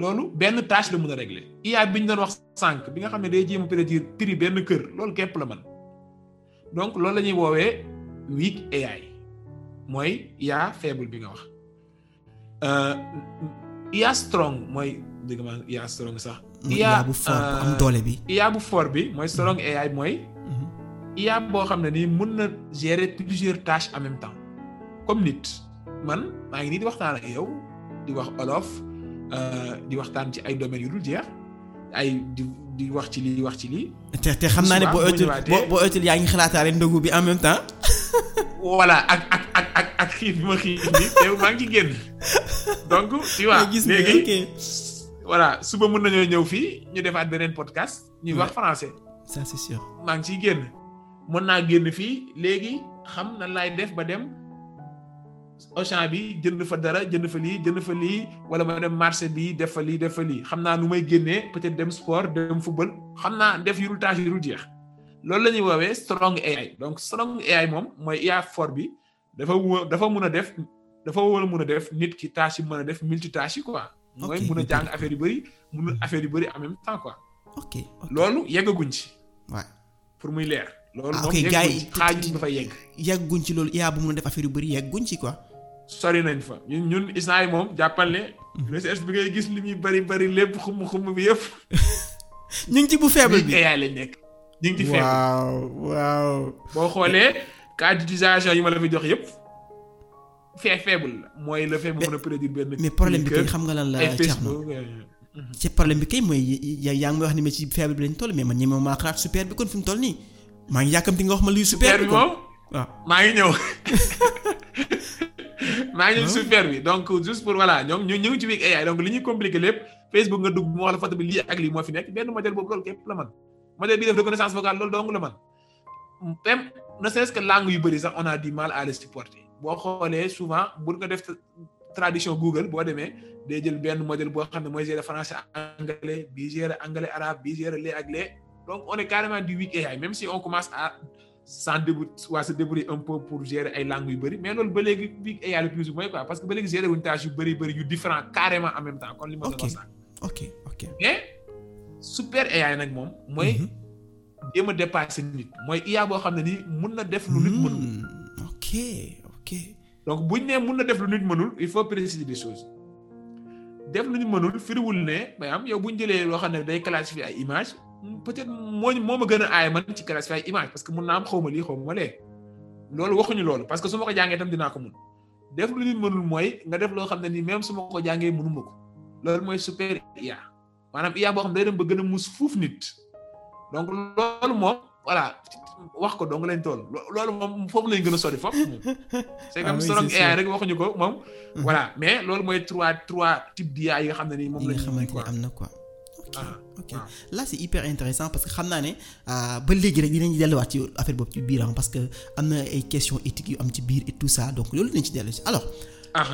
loolu benn tâche la mun a régler IA bi ñu doon wax sànq bi nga xam ne day jéem a prédire prix benn kër loolu képp la man donc loolu la ñuy woowee weak AI mooy IA faible bi nga wax euh, IA strong mooy dégg nga strong sax IA bu fort euh, bi. IA bu fort bi mooy strong AI mooy. IA mhm. boo xam ne nii mën na gérer plusieurs tâches en même temps comme nit man maa ngi nii di waxtaan ak yow di wax olof euh, di waxtaan ci ay domaines yu dul jeex ay di di wax ci lii wax ci lii. te xam naa ne boo ëttul boo ëttul yaa ngi xalaataale ndogu bi en même temps. voilà ak ak ak ak ak xiif bi ma xiif bi te maa ngi ci génn *laughs* donc tu léegi. voilà suba mën nañoo ñëw fii ñu defaat beneen podcast. ñuy wax français. ça c'est maa ngi ciy génn mën naa génn fii léegi xam na laay def ba dem Auchan bi jënd fa dara jënd fa lii jënd fa lii wala ma dem marché bi def fa lii def fa lii xam naa nu may génnee peut-être dem sport dem football xam naa def yu dul tâche yu dul jeex. loolu la ñuy woowee strong AI donc strong AI moom mooy IA fort bi dafa dafa mun a def dafa war a mën a def nit ki tâche yi mën a def multitâche quoi. mooy mun a jàng affaire yu bëri mun affaire yu bëri en même temps quoi. ok loolu yeggaguñ ci. waaw pour muy leer. loolu ah, moom yeggaguñ ci xaaju ba fa yegg. yegguñ ci loolu IA bu mun a yu bëri yegguñ ci quoi. sori nañ fa ñun ñun yi moom jàppal ne. Mm-hmm. recherche bi ngay gis li muy bari bëri lépp xum xum bi yëpp. *laughs* ñu ngi ci bu faible bi nekk. ñu waaw waaw. boo xoolee cas yi ma la fi jox yëpp. fait faible la bu mën a prédire benn. mais problème bi xam nga lan la ceex na mhm. ci problème bi wax ma bi lañ toll mais man ñi moom maa xalaat super bi kon fi ma luy super bi moom maa ngi ñëw *laughs* maa ngi bi donc juste pour voilà ñoom ñu ñëw li ñuy compliqué lépp Facebook nga dugg mu la photo bi lii ak lii moo fi nekk benn modèle boobu loolu la man modèle bi def reconnaissance vocale loolu dong la man même ne serait-ce que langue yu bëri sax on a du mal à supporter boo xoolee souvent bu nga def tradition Google boo demee day jël benn modèle boo xam ne mooy gérer français anglais bi gérer anglais arabe bi gérer lee ak donc on est carrément du week AI même si on à s'en débrouiller waa se débrouiller un peu pour gérer ay langues yu bëri mais loolu ba léegi week AI le plus ou moins quoi parce que ba léegi gérer wuñ tâche yu bëri bëri yu différent nag moom mooy mhm. jéem a dépasser nit mooy IA boo xam ne nii mun na def lu nit hmm, mënul ok ok donc buñ nee mun na def lu nit mënul il faut préciser des choses def lu ñu mënul firiwul ne may am yow bu ñu jëlee loo xam ne day classifier ay image peut-être moo moo ma gën a aay man ci classifier ay image parce que mun naa am xaw ma lii xaw ma lee loolu waxuñu loolu parce que su ma ko jàngee itam dinaa ko mun def lu nit mënul mooy nga def loo xam ne ni même su ma ko jàngee mënu ma ko loolu mooy super IA maanaam IA boo xam ne day dem ba gën a mus fuuf nit donc loolu moom voilà wax ko dong lañ toll loolu moom foofu lañ gën a sori foofu. *laughs* Ah c'est comme Strong AI ko moom. Mhm. voilà mais loolu mooy trois trois types d'IA yi nga xam ne nii moom lañ. xamante ne am na quoi. ok ah, ok ah. là c'est hyper intéressant parce que xam naa ne ba léegi rek dinañ delluwaat ci affaire boobu ci biiram parce que am na ay questions éthiques yu am ci biir et tout ça donc loolu dinañ ci dellu si alors.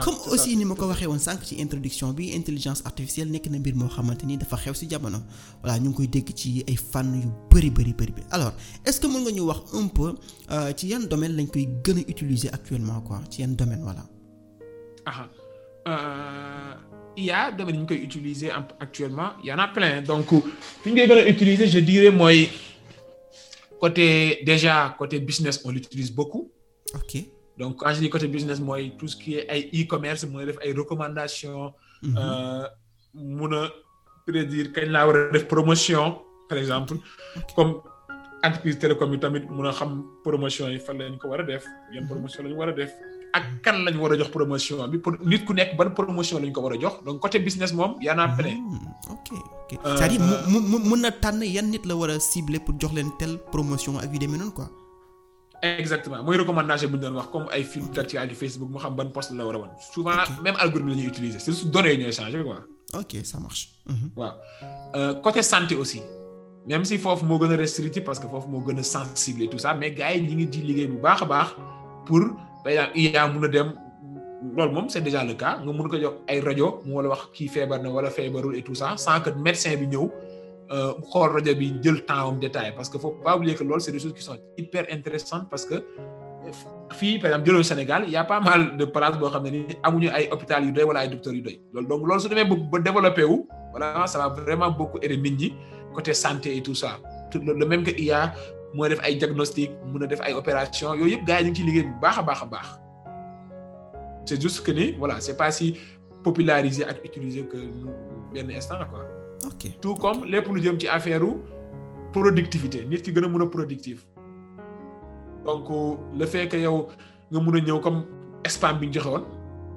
comme aussi ni ma ko waxee woon sànq ci introduction bi intelligence artificielle nekk na mbir moo xamante ni dafa xew si jamono voilà ñu ngi koy dégg ci ay fànn yu bëri bëri bëri bi alors est-ce que mën nga ñu wax un peu euh, ci yan domaine lañ koy gën a utiliser actuellement quoi ci yan domaine voilà. aha euh, IA domaine ñu koy utiliser actuellement il y en a plein donc fi ñu koy gën a utiliser je dirais mooy côté déjà coté business on l'utilise beaucoup. donc quand je côté business mooy tout ce qui est ay e-commerce mën def ay recommandations. Mhm. Euh, mun a prédire kañ laa war a def promotion par exemple comme entreprise télécom yi tamit mun a xam promotion yi fan lañ ko war a def yan mhm. promotion lañ war a def ak kan lañ war a jox promotion bi pour nit ku nekk ban promotion lañ ko war a jox donc côté business moom y en a mhm. ok ok euh, cest à euh, mu mu mun na tànn yan nit la war a cibler pour jox leen telle promotion ak yu quoi. exactement mooy recommandation bu ñu doon wax comme ay filtre ci àll Facebook mu xam ban post la war a wan souvent même algorithme la ñuy utiliser c'est juste données yi ñooy changer ok ça marche. waaw mhm. euh, côté santé aussi même si foofu moo gën a restrictif parce que foofu moo gën a sensible et tout ça mais gars yi ngi di liggéey bu baax a baax pour par exemple IA mun a dem loolu moom c'est déjà le cas nga mun ko jox ay rajo mu wala wax kii feebar na wala feebarul et tout ça sans bi ñëw. Euh, xool rajo bi jël temps am détail parce que faut pas oublier loolu c'est des choses qui sont hyper intéressantes parce que fii par exemple jëloo Sénégal ya a pas mal de places boo xam ne ni amuñu ay hôpital yu doy wala ay docteurs yu doy loolu donc loolu su demee ba développé wu voilà ça va vraiment beaucoup aider nit ñi côté santé et tout ça le même que IA mooy def ay diagnostic mën a def ay opération yooyu yëpp gars yi ñu ngi ciy liggéey bu baax a baax a baax c'est juste que ni voilà c'est pas si popularisé ak utilisé que benn instant ok tout comme lépp lu jëm ci affaire productivité nit ki gën a mun a productif donc la fait que yow nga mun a ñëw comme spam bi ñu joxe woon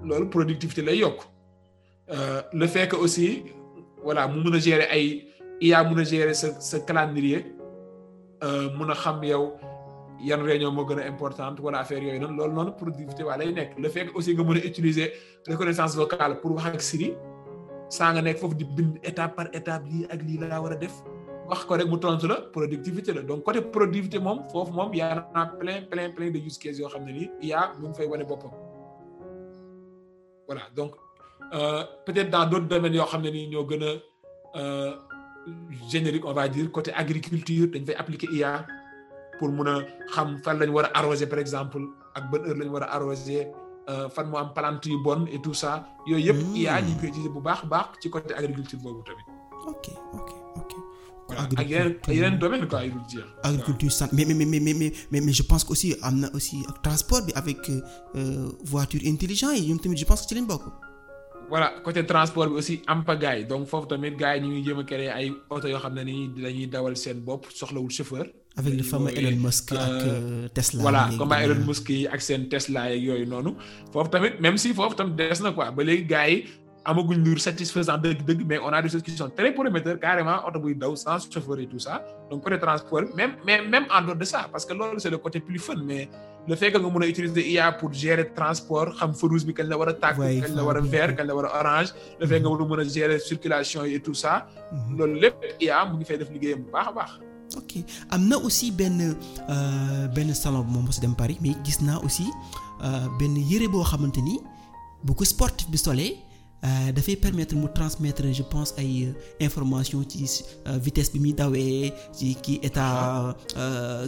loolu productivité lay yokk euh, le fait que aussi voilà mu mun a gérer ay IA mun a gérer sa sa calendrier euh, mun a xam yow yan réunion moo gën a importante wala affaire yooyu noonu loolu noonu productivité waa lay nekk le fait aussi nga mën a utiliser reconnaissance vocale pour wax ak Siri saa nga nekk foofu di bind étape par étape lii ak lii laa war a def wax ko rek mu tontu la productivité la donc côté productivité moom foofu moom yaa naa plein plein plein de use case yoo xam ne nii yaa mu ngi fay wane boppam voilà donc euh, peut-être dans d'autres domaines yoo xam ne nii ñoo gën a euh, générique on va dire côté agriculture dañ fay appliquer IA pour mun a xam fan lañ war a arroser par exemple ak ban heure lañ war a arroser Euh, fan mu am plante yu bon et tout ça. yooyu yëpp IA ñu ngi koy utiliser bu baax baax ci côté agriculture boobu tamit. ok ok ok. ak yeneen yeneen domaine quoi agriculture. agriculture sant mais mais mais mais mais mais je pense que aussi am na aussi ak transport bi avec euh, voiture intelligent yi ñoom tamit je pense que ci lañ bokk. voilà côté transport bi aussi am pa gaay donc foofu tamit gaay ñu ngi jëm a ay oto yoo xam ne nii dañuy dawal seen bopp soxlawul chauffeur. avec le euh, fameux Elon Musk euh, euh, ak seen Tesla yeeg yooyu noonu foofu tamit même si foofu tamit des na quoi ba léegi gars yi amaguñ lu satisfaisant dëgg-dëgg mais on a des choses qui sont très prometteurs carrément oto buy daw sans chauffeur et tout ça donc côté transport même mais même en dehors de ça parce que loolu c'est le côté plus fun mais le fait que nga mën a utiliser IA pour gérer transport xam feu bi kañ la war a tàkk kañ la war a vert kañ la war a orange le fait mm-hmm. a gérer circulation et tout ça mm-hmm. loolu lépp IA def liggéeyam bu baax a baax ok am na aussi benn euh, benn salon bu moom mos dem Paris mais gis naa aussi euh, benn yëre boo xamante ni bu ko sportif bi solee euh, dafay permettre mu transmettre je pense ay information ci vitesse bi muy dawee ci kii état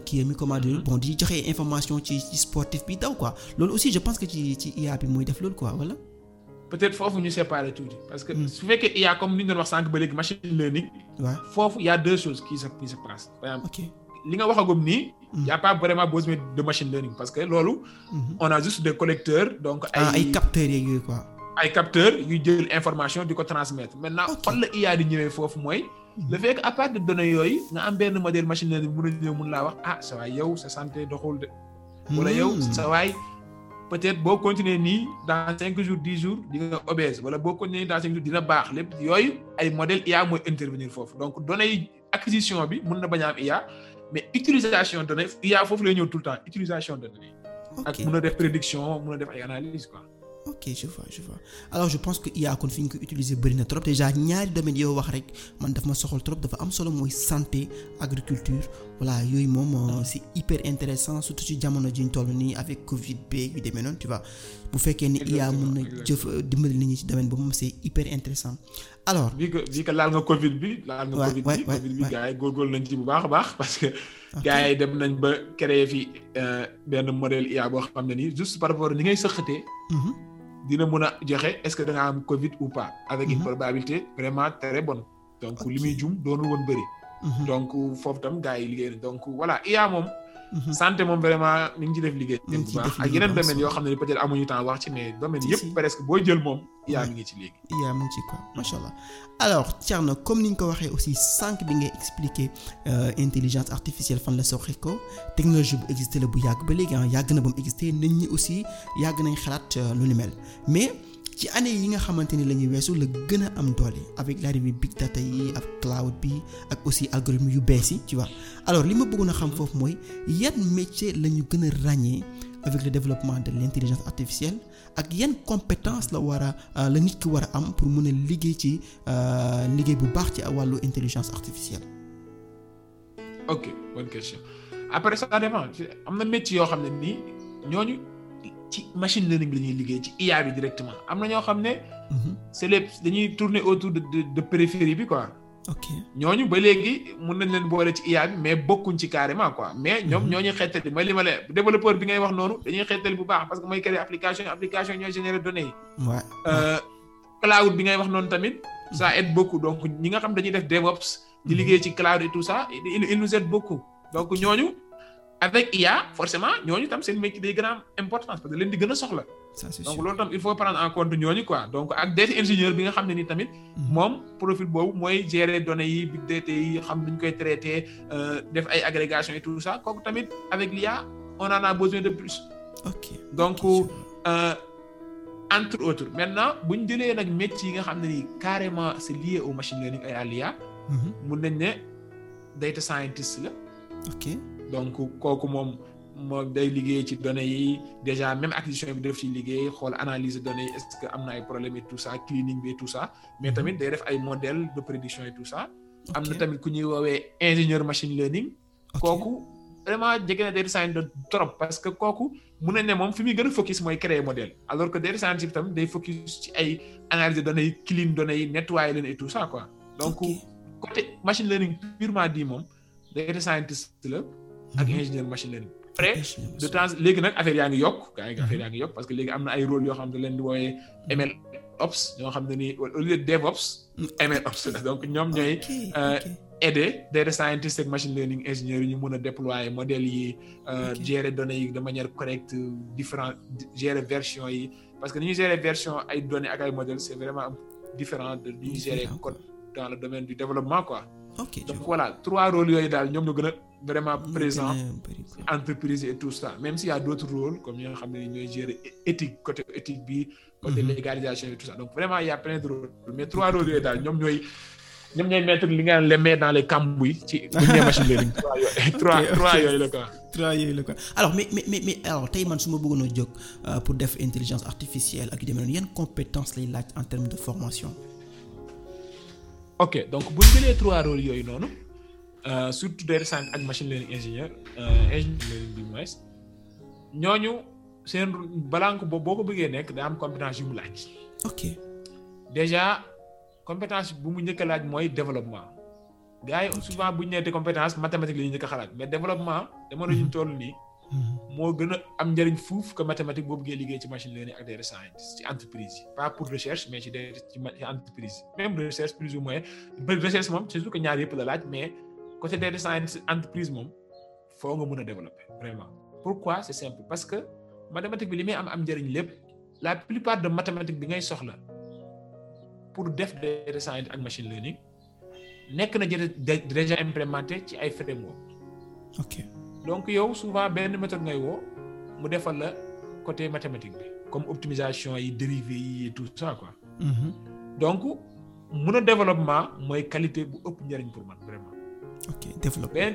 kii mi comment dire bon di joxe information ci ci sportif bi daw quoi loolu aussi je pense que ci ci IA bi mooy def loolu quoi wala. peut-être foofu ñu séparer tuuti parce que. Hmm. su fekkee il a comme ni ñu doon wax sànq ba léegi machine learning. foofu y a deux choses qui se qui se passent. par exemple li nga waxagum nii. Hmm. y a pas vraiment de machine learning parce que loolu. Hmm. on a juste des collecteurs donc. Ah, ay ah, ay capteurs yeeg yooyu quoi. ay capteurs yuy jël information di ko transmettre maintenant fan la IA di ñëwee foofu mooy. le fait que de données yooyu nga am benn modèle machine learning bi mun a ñëw mun laa wax ah sa peut-être boo continuer nii dans cinq jours dix jours di nga obèse wala boo continuer nii dans cinq jours dina baax lép yooyu ay modèle IA mooy intervenir foofu donc données acquisition bi mun na bañ a am mais utilisation données IA foofu lay ñëw tout le temps utilisation données. ak mën a def prédiction mën a def ay analyse quoi. ma soxal trop dafa euh, ah. Covid beeg demee noonu bu fekkee ni IA mun na jëf euh, dimbali nit ci domaine boobu moom c'est hyper intéressant alors. bii que laal nga Covid bi. laal nga Covid bi Covid bi gars yi góorgóorlu ci bu baax a baax parce que. gars yi dem nañ ba créer fi euh, benn modèle IA boo xam ne nii juste par rapport ni ngay sëqatee. Mhm. dina mun a joxe est-ce que da nga am Covid ou avec une mhm. probabilité vraiment très bonne. donc li muy jum doonul woon bëri. Mhm. donc foofu tam gars yi liggéey donc voilà IA moom. Mhm. santé moom vraiment ni ngi ci def liggéey bu baax ak yeneen domaine yoo xam ne peut-être amuñu temps wax ci mais domaine yëpp presque booy jël moom yaa mi ngi ci léegi yaa mi ngi ci quoi macha allah alors Thierno comme ni ñu ko waxee aussi sànq bi ngay expliquer euh, intelligence artificielle fan la soxee ko technologie bu existé la bu yàgg ba léegi ah yàgg na ba mu existé nit ñi aussi yàgg nañ xalaat euh, lu ni mel mais ci année yi nga xamante ni la ñuy weesu la gën a am doole avec l'arrivée big data yi ak cloud bi ak aussi algorithme yu bees yi ci wax alors li ma bëggoon a xam foofu mooy yan métier la ñu gën a ràññee avec le développement de l'intelligence artificielle ak yan compétence la war a euh, la nit ki war a am pour mën a liggéey ci euh, liggéey bu baax ci wàllu intelligence artificielle. ok bonne question après ça dépend am na métier yoo xam ne nii ñooñu. ci machine learning bi la ñuy liggéey ci IA bi directement am na ñoo xam ne. Mhm. c'est les dañuy tourner autour de de de périphérie bi quoi. ok ñooñu ba léegi mën nañ leen boole ci IA bi mais bokkuñ ci carrément quoi mais ñoom mhm. ñoo ñuy xeetali mooy li ma la développeur bi ngay wax noonu dañuy xeetali bu baax parce que mooy créer application application ñooy générer données yi. Euh, cloud bi ngay wax noonu tamit. ça aide beaucoup donc ñi nga xam dañuy def DevOps. di mhm. liggéey ci cloud et tout ça il nous aide beaucoup avec IA forcément ñooñu tam seen métier day gën a importance parce que leen di gën a soxla. donc loolu tam il faut prendre en compte ñooñu quoi donc ak data ingénieur bi nga xam ne ni tamit. Hmm. moom profil boobu mooy gérer données yi big data yi xam nuñ koy traiter euh, def ay agrégation et tout ça kooku tamit avec l'IA on en a besoin de plus. ok donc euh, entre autres maintenant bu ñu jëlee nag métier yi nga xam ne ni carrément c'est lié au machine learning ay à l'IA. Hmm. mun nañ ne data scientist la. ok. donc kooku moom moom day liggéey ci données yi déjà même acquisition bi def ci liggéey xool analyse données yi est-ce que am na ay problèmes et tout ça cleaning bi et tout mais tamit mhm. day def ay modèles de prédiction et tout ça. am na tamit ku ñuy woowee ingénieur machine learning. kooku vraiment jege na data science trop parce que kooku mu ne ne moom fi muy gën a focus mooy créer modèle alors que data science bi tam day focus ci ay analyse de données yi clean données yi nettoyer leen et tout ça quoi. donc côté machine learning purement dit moom data scientist la. ak ingénieur machine learning après de temps léegi nag affaire yaa ngi yokk gaa yi affaire mhm. yaa ngi yokk parce que léegi am na ay rôle yoo xam ne leen di wooyee ML ops ñoo xam ne nii au lieu de DevOps ML mm. ops donc ñoom ñooy euh, aider data scientist ak machine learning ingénieurs yi ñu mën a déployer modèles yi euh, gérer données yi de manière correcte différent gérer version yi parce que ni ñuy gérer version ay données ak ay c'est vraiment différent de ni ñuy gérer dans le domaine du développement quoi ok donc voilà trois rôles yooyu daal ñoom ñu gën a vraiment présent entreprise et tout ça même si y a d'autres rôles comme ñi nga xam ne ñooy gérer éthique côté éthique bi côté mhm. légalisation et tout ça donc vraiment il y a plein de mais trois rôles yooyu daal ñoom ñooy ñoom ñooy mettre li nga les mains dans les cambouis ci *laughs* bu ñu machine learning trois trois yooyu la quoi trois yooyu la quoi alors mais mais alors tey man su ma bëggoon a jóg euh, pour def intelligence artificielle ak yu demee noonu yan compétence laaj en de formation ok donc bu ñu jëlee trois rôles yooyu noonu euh, surtout data science ak machine learning ingénieur euh, ingénieur learning bi moins ñooñu seen balaa boobu boo ko bëggee nekk day am compétence yu mu laaj. ok déjà compétence bu mu njëkk laaj mooy développement. gars yi souvent bu ñu nee compétence mathématique la ñu xalaat mais développement. dama ne ñu nii. moo gën a am njëriñ fuuf que mathématique boobu ngay liggéey ci machine learning ak data science ci entreprise yi pas pour recherche mais ci data ci entreprise yi même recherche plus ou moins recherche moom c'est sûr que ñaar yëpp la laaj mais côté data science entreprise moom foo nga mën a développer vraiment pourquoi c'est simple parce que mathématique bi li may am am njariñ lépp la plupart de mathématique bi ngay soxla pour def data science ak machine learning nekk na jël déjà implémenté ci ay framework donc yow souvent benn méthode ngay woo mu defal la côté mathématique bi comme optimisation yi dérivés yi et tout ça quoi. Mhm. donc mun a développement mooy qualité bu ëpp njëriñ pour man vraiment. ok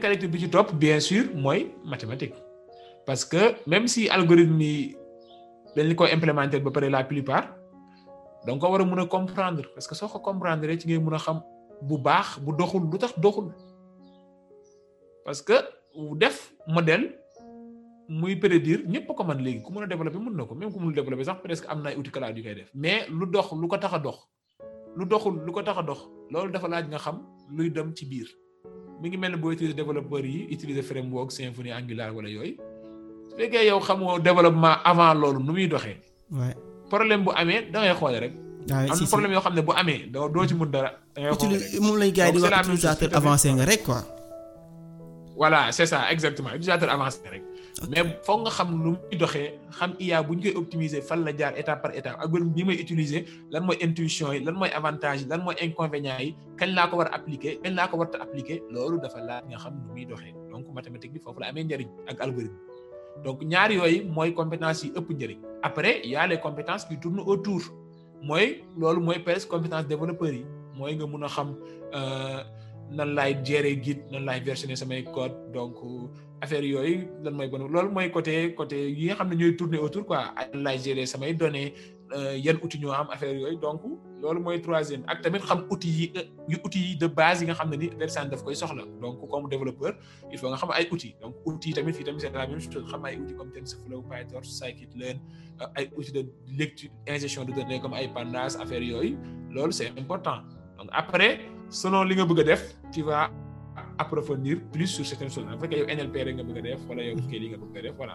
qualité bi ci topp bien sûr mooy mathématique. parce que même si algorithme yi dañ ko implémenter ba pare la plupart donc war a mun a comprendre parce que soo ko comprendre ci ngay mun a xam bu baax bu doxul lu tax doxul parce que. def modèle muy prédire ñëpp a ko mën léegi ku mën a développer mën na ko même ku mënul développer sax presque am na ay outils cloud yu def mais lu dox lu ko tax a dox lu doxul lu ko tax a dox loolu dafa laaj nga xam luy dem ci biir mu ngi mel ne boo utiliser développeurs yi utiliser framework Symfony Angular wala yooyu su fekkee yow xamoo développement avant loolu nu muy doxee. problème bu amee da ngay xoole rek. Ah, am na problème yoo xam ne bu amee doo ci mën dara. da ngay xoole rek moom rek voilà c'est ça exactement utilisateur avancé rek. mais foog nga xam lu muy doxee xam IA bu ñu koy optimiser fan la jaar étape par étape algorithme bi may utiliser lan mooy intuition yi lan mooy avantage yi lan mooy inconvénient yi kañ laa ko war a appliquer kañ laa ko war a appliquer loolu dafa laaj nga xam lu muy doxee donc mathématique bi foofu la amee njëriñ ak algorithme donc ñaar yooyu mooy compétence yi ëpp njëriñ après y a les compétences qui tournent autour mooy loolu mooy presque compétence développeurs yi mooy nga mun a xam. Euh, nan laay gérer Git nan laay versionner samay code donc affaire yooyu lan mooy bon loolu mooy côté côté yi nga xam ne ñooy tourner autour quoi nan laay gérer samay données euh, yan outils ñoo am affaire yooyu donc loolu mooy troisième ak tamit xam outils yi euh, yu outils de base yi nga xam ne ni Vercent daf koy soxla donc comme développeur il faut nga xam ay outils donc outils fii tamit c'est la même chose xam ay outils comme TensorFlow euh, ay outils de lecture ingestion de données comme ay Pandas affaire yooyu loolu c'est important donc après selon li nga bëgg def ci vas approfondir plus su certaines choses en fait yow NLP rek nga bëgg a def wala yow mhm. kii li nga bëgg a def voilà.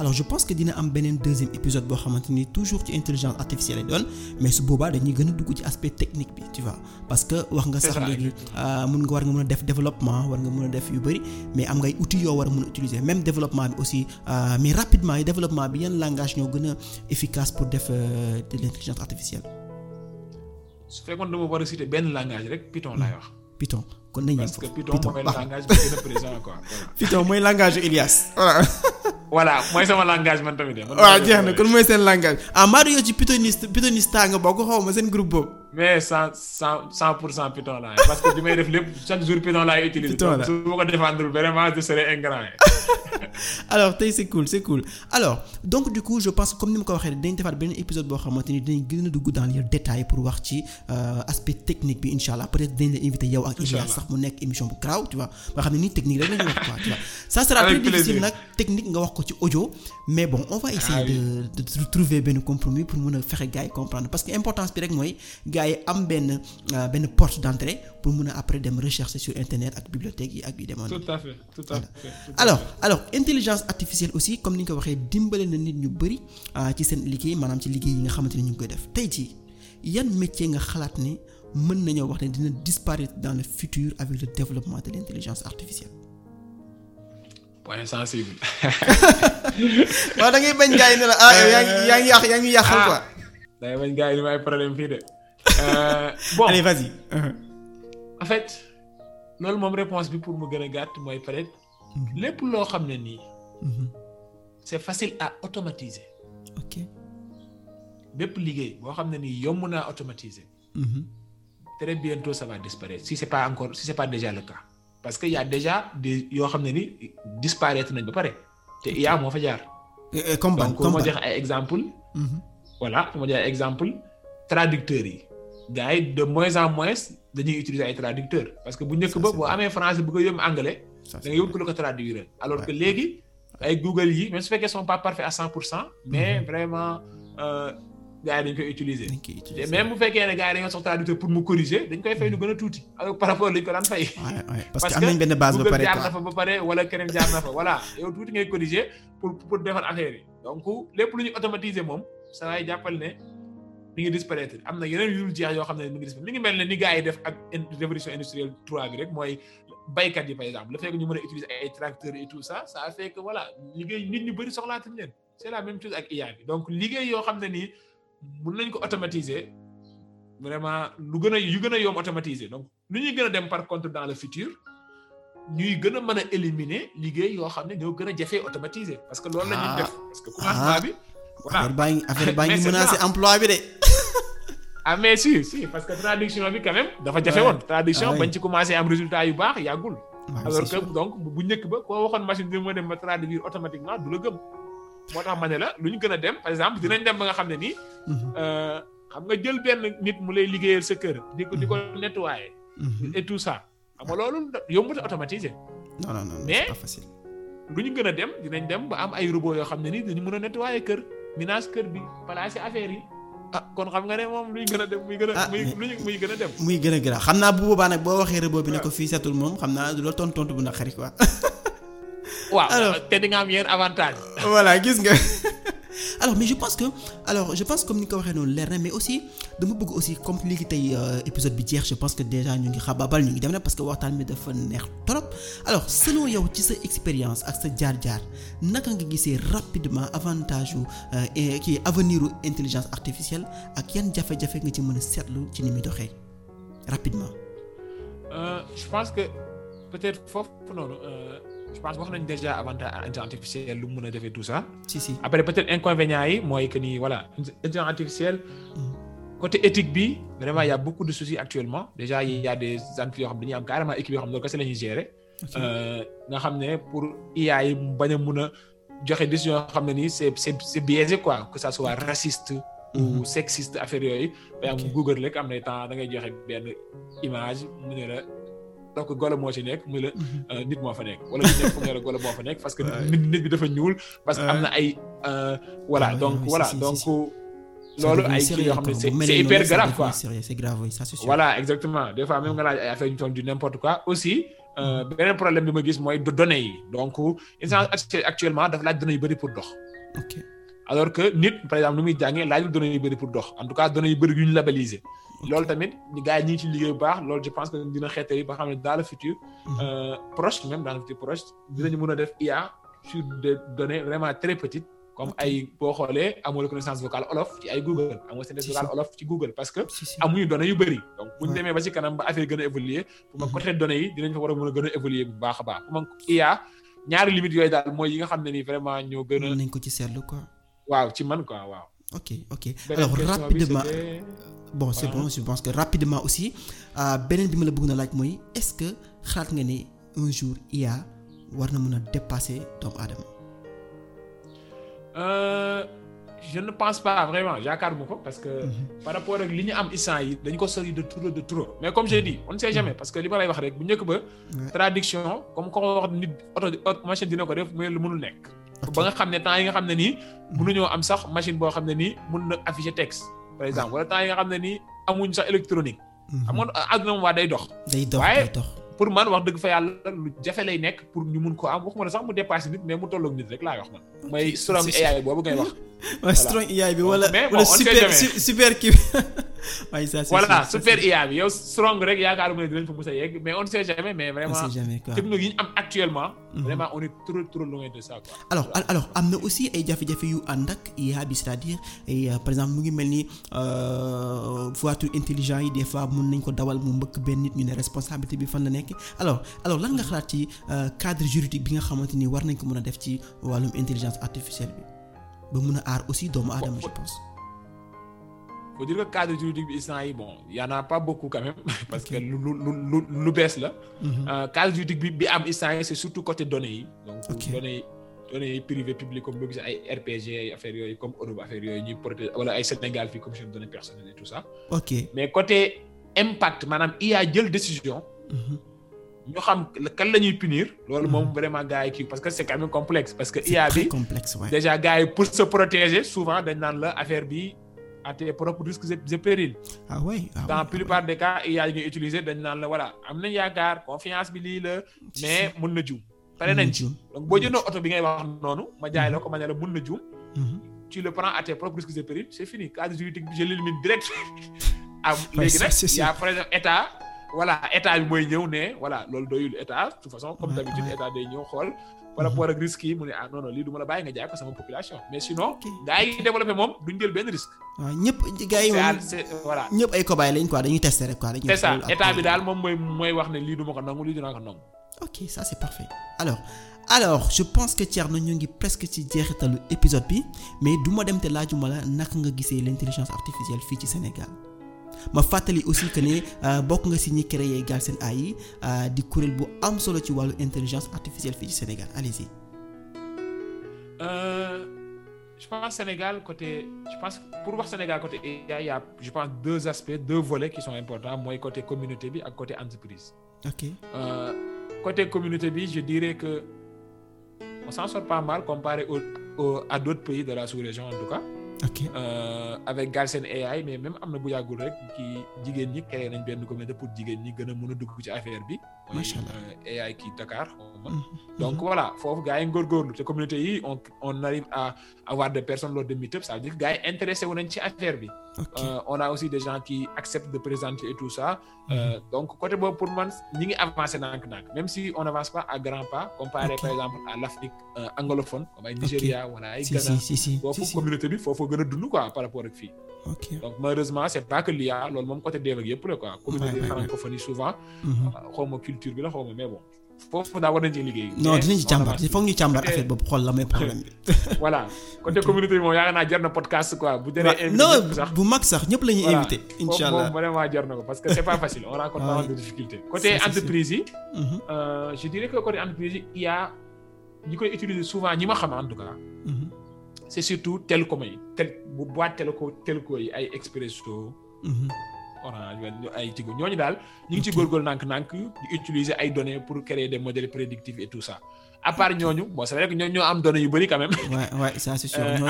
alors je pense que dina am beneen deuxième épisode boo xamante ni toujours ci intelligence artificielle lay doon mais su boobaa dañuy gën a dugg ci aspect technique bi tu vois parce que wax nga sax léegi euh, mun nga war nga mën a def développement war nga mun a def yu bëri mais am ngay outils yoo war a mën a utiliser même développement bi aussi euh, mais rapidement yi bi yan langage gën a efficace pour euh, de l'intelligence artificielle su fekkoon dama war a citer benn langage rek Python laay wax. Hmm. Python kon nañu parce que Python mooy langage bi gën a présent quoi. *laughs* Python mooy langage Elias *laughs* voilà. mooy sama langage man tamit de. man jeex na kon mooy seen langage ah maa yow ci pythoniste pythoniste nga bokk xaw ma seen group boobu. mais cent cent cent pour cent Python laay parce que bi may def lépp chaque jour Python laay utiliser. Python la su ma ko défendre vraiment je serai ingrat. *laughs* alors tey c'est cool c'est cool alors donc du coup je pense comme ni ma ko waxee dañ defaat benn épisode boo xamante ni dinañ gën a dugg dans les détails pour wax ci euh, aspect technique bi incha allah peut-être dañ la invité yow ak Ibrahima sax mu nekk émission bu graw tu xam ne nii technique wax ko ci audio mais bon on va ah que importance bi rek mooy waaye am benn euh, benn porte d'entrée pour mun a après dem rechercher sur internet ak bibliothèque yi ak yu demoon. tout tout à fait alors intelligence artificielle aussi comme ni nga waxee dimbale na nit ñu bëri euh, ci seen liggéey maanaam ci liggéey yi nga xamante ne ñu ngi koy def tey jii yan métier nga xalaat ne mën nañoo wax ne dina disparaître dans le futur avec le développement de l'intelligence artificielle. point sensible. *laughs* waaw da ngay bañ gars yi ne la ah, ah, da ngay bañ gars yi ne ma euh, bon allez vas-y. loolu moom réponse bi pour mu gën a gàtt mooy peut mhm. lépp loo xam ne nii. Mhm. c'est facile à automatiser. ok bépp liggéey boo xam ne nii yomb naa automatiser. Mhm. très bientôt ça va disparaître si c'est pas encore si c'est pas déjà le cas parce que yaa a déjà des yoo xam ne ni disparaître nañ ba pare te IA moo fa jaar. Euh, euh, comme ban comme moo jox ay exemple voilà moo jox ay exemple traducteurs yi. gars yi de moins en moins dañuy utiliser ay traducteurs parce que bu njëkk ba boo amee français bu ko yóbbu anglais da nga yóbbu ko ko traduire alors que léegi Google yi même su fekkee sont pas parfaits à cent pour cent mais mhm. vraiment euh, gars yi dañ koy utiliser te bu fekkee ne gars yi dañoo sox traducteur pour dañ koy fay lu gën a tuuti alors par rapport lañ ko daan fay parce que am nañ benn base ba pare jaar na fa ba pare wala keneen jaar na fa voilà yow tuuti ngay corriger lépp lu ñu automatiser moom saa yi mi ngi disparaître am na yeneen yu dul jeex yoo xam ne mi ngi mel ne ni gars yi def ak révolution industrielle 3 bi rek mooy baykat yi par exemple le fait ñu mën a utiliser ay tracteurs et tout ça ça fait que liggéey nit ñu bari soxlaatuñ leen c'est la même chose ak IA bi donc liggéey yoo xam ne nii mën nañ ko automatiser vraiment lu gën a yu gën a yomb automatiser donc lu ñuy gën a dem par contre dans le futur ñuy gën a mën a éliminer liggéey yoo xam ne ñoo gën a jafee automatiser parce que loolu la ñuy ah. def que ah. waaw affaire baa ngi affaire baa ngi menacer emploi bi de. ah si si parce que traduction bi quand dafa jafe woon tradition ah, bañ ci commencé am résultat yu baax yàggul. alors que donc bu njëkk ba koo waxoon machine bi ma dem ba traduire automatiquement du la gëm. moo tax ma ne la lu ñu gën a dem par exemple dinañ dem ba nga xam ne nii. Mhm. Euh, xam nga jël benn nit mu lay liggéeyal sa kër. di di ko mhm. nettoyer. Mhm. et tout ça xam nga loolu yombut a automatiser. non mais lu ñu gën a dem dinañ dem ba am ay robot yoo xam ne nii dañu mun a nettoyer kër. ménage kër bi palaasi affaire yi ah kon xam nga ne moom luy gën a dem muy gën a ah, muy gën a gën a gën xam naa bu boobaa nag boo waxee rëboo bi ne ko fii setul moom xam naa loolu tontu tontu bu naqari quoi waaw *laughs* te dinga am yenn avantage voilà gis nga *laughs* alors mais je pense que alors je pense comme ni nga ko waxee noonu leer na mais aussi dama bëgg aussi comme léegi tey euh, épisode bi jeex je pense que déjà ñu ngi xabaabal ñu ngi dem na parce que waxtaan bi dafa neex trop alors selon yow ci sa expérience ak sa jaar-jaar naka nga gisee rapidement avantage yu euh, kii avenir u intelligence artificielle ak yan jafe-jafe nga ci mën a seetlu ci ni muy doxee rapidement. Euh, je pense que peut-être foofu noonu. je pense wax nañ déjà avantage intelligence artificielle lu mu mën a defee tout ça. si si après peut-être inconvénient yi mooy que ni voilà intelligence artificielle. Mm. côté éthique bi vraiment y a beaucoup de soucis actuellement déjà il des entreprises yoo xam dañuy am carrément équipe yoo xam loolu euh, nga xam ne pour IA yi bañ a mun a joxe décision xam ne nii c'est c'est c'est biaisé quoi que ça soit raciste. ou mm-hmm. sexiste affaire yooyu. ok day am Google rek am na temps da ngay joxe benn image mu donc golo moo ci nekk muy la mhm. euh, nit moo fa nekk wala ñu nekk fu moo fa nekk parce que nit bi dafa ñuul parce que am euh, donc voilà donc grave quoi c'est exactement des fois même nga laaj ay affaire ñu toll du n'importe quoi aussi euh, mhm. beneen problème bi ma gis mooy données yi donc instance mhm. actuellement dafa laaj données yu bëri pour dox ok alors que nit par exemple nu muy jàngee laajul données yu bëri pour dox en tout cas données yu bëri yu ñu labellisé loolu tamit gars yi ñu ngi ci liggéey bu baax loolu je pense que dina xeetali ba xam ne dans le futur. Mhm. Euh, proche même dans le futur proche dinañu mën a def IA sur des données vraiment très petites. comme ay boo xoolee a reconnaissance vocale olof ci ay Google amoo synthèse ci Google parce que am données yu bëri donc buñu demee ba ci kanam ba affaire gën a évoluer pour ma mhm. côté yi a mën bu baax baax pour ma IA ñaari limites yooyu daal mooy yi nga xam ne ni vraiment ñoo gën a nañ ko ci seetlu quoi waaw ci man quoi waaw ok ok alors rapidement bon c'est bon je pense que rapidement aussi euh, beneen bi ma la bëgg na laaj mooy est-ce que xalaat nga ni un jour IA war na mën a dépasser doomu aadama. Euh, je ne pense pas vraiment yaakaar mu ko parce que. Mhm. par rapport ak li ñu am instant yi dañ ko sori de trop de trop mais comme j'ai dit on ne sait jamais mhm. parce que li ma lay wax rek bu njëkk ba. traduction comme ko wax nit auto machine dina ko def mais lu mënul nekk. ba nga xam ne temps yi nga xam ne nii mhm. mënuñoo am sax machine boo xam ne nii mën na afficher texte. par exemple wala temps yi nga xam ne nii amuñ sax électronique. Mhm. xam nga àdduna moom waa day dox. day dox day pour man wax dëgg fa yàlla lu jafe lay nekk pour ñu mun ko am waxuma ne sax mu dépassé nit mais mu tolloog nit rek laay wax man. mooy strong AI boobu ngay wax. *laughs* voilà strong AI bi wala. wala super super kii. *laughs* waaye ça c'est voilà super IA bi yow strong rek yaakaaruma ne dinañ fa mos a yegg mais on ne sait jamais mais vraiment on sait jamais quoi technique yi ñu am actuellement. Mhm. vraiment on est trop trop loin de ça quoi. alors alors am na aussi ay jafe-jafe yu ànd ak IA bi c'est-à-dire euh, par exemple mu ngi mel ni euh, voiture intelligent yi des fois mën nañ ko dawal mu mbëkk benn nit ñu ne responsabilité bi fan la nekk alors alors lan nga xalaat ci euh, cadre juridique bi nga xamante ni war nañ ko mën a def ci wàllum intelligence artificielle bi ba mën a aar aussi doomu aadama je pense. faut dire que cadre juridique bi instant yi bon y en a pas beaucoup quand même *laughs* parce que lu bees la. Mhm. Euh, cadre juridique bi am instant yi c'est surtout côté données yi. donc okay. données yi données public comme boo gisee ay RPG ay affaires yooyu comme Europe affaire yooyu ñuy protéger wala ay Sénégal fii comme sur données personnelles et tout ça. mais côté impact maanaam a jël décision. Mhm. ñu xam kan la ñuy punir. loolu moom mhm. vraiment gars yi kii parce que c'est quand parce que IA bi complexe ouais. souvent dañ naan la affaire bi. à tes propres risques et périls. ah oui ah dans oui, plupart ah des cas IA yi utiliser dañ naan la voilà am nañ yaakaar confiance bi lii la mais mun na juum. pare nañ ci donc boo jëndoo oto bi ngay wax noonu ma jaay ko ma ne la na juum. Mm-hmm. tu le prends à tes propres risques c'est fini cas juridique bi je direct. *laughs* ah a par exemple état. voilà état mooy ñëw ne voilà loolu doyul état de façon comme d'habitude état day ñëw xool. par rapport ak risque yi mu ne ah non non lii du la bàyyi nga jaay ko sama population mais sinon gars yi développé moom duñ jël benn risque waaw ñëpp gars moom ay cobaye lañ quoi dañuy testé rek lii du ko nangu lii dinaa ko nangu ok ça c'est parfait alors alors je pense que Thierno ñu ngi presque ci jeexitalu épisode bi mais du dem te laajuma la naka nga gisee l'intelligence artificielle fii ci Sénégal ma fàttali aussi que ne euh, bokk nga si ñi créé Galsen AI euh, di kuréel bu am solo ci wàllu intelligence artificielle fii ci Sénégal allez-y. Euh, je pense Sénégal côté je pense pour wax Sénégal côté AI y je pense deux aspects deux volets qui son importants mooy côté communauté bi ak côté entreprise. ok euh, côté communauté bi je dirais que on s'en sort pas mal comparé au, au d'autres pays de la sous-région en tout cas. ok euh, avec Galsen AI mais même am na bu yàggul rek ki jigéen ñi créé nañ benn communauté pour jigéen ñi gën a mën a dugg ci affaire bi. macha allah euh, AI kii Dakar ko mm-hmm. mën donc mm-hmm. voilà foofu gars yi ngóorgóorlu te communauté yi on on arrive à avoir des personnes lors de meet-up ça veut dire gars yi intéressé wu nañ ci affaire bi euh, on a aussi des gens qui acceptent de présenter et tout ça euh, mm-hmm. donc côté boobu pour man ñi ngi avancé nànk-nànk même si on avance pas à grands pas comparé okay. par exemple à l'Afrique euh, anglophone Nigéria wala communauté bi foofu gën a par rapport ak fii donc malheureusement c'est pas que l'IA loolu moom côté la foofu daa war a liggéey. non eh, dinañ ci càmbar il ñu càmbar affaire boobu xool la mooy problème bi. *laughs* voilà côté communauté bi moom yaakaar naa jar na podcast quoi. bu jëlee invité sax bu mag sax ñëpp la ñuy invité. incha allah vraiment jar na ko parce que c'est pas facile on rencontre ah pas mal de difficultés. côté entreprise yi. Mhm. Euh, je yi il ñi koy utiliser souvent ñi ma xam en tout cas. Mhm. c'est surtout télécom yi tel bu ko téléco téléco yi ay Expresso. Mhm. orange wala ñu ay tigo ñooñu daal ñu ngi ci góorgóorlu nànk-nànk di utiliser ay données pour créer des modèles prédictifs et tout ça à part ñooñu bon c'est vrai que ñoo ñoo am données yu bëri quand même. waaw waaw ça c'est sûr euh, ñoo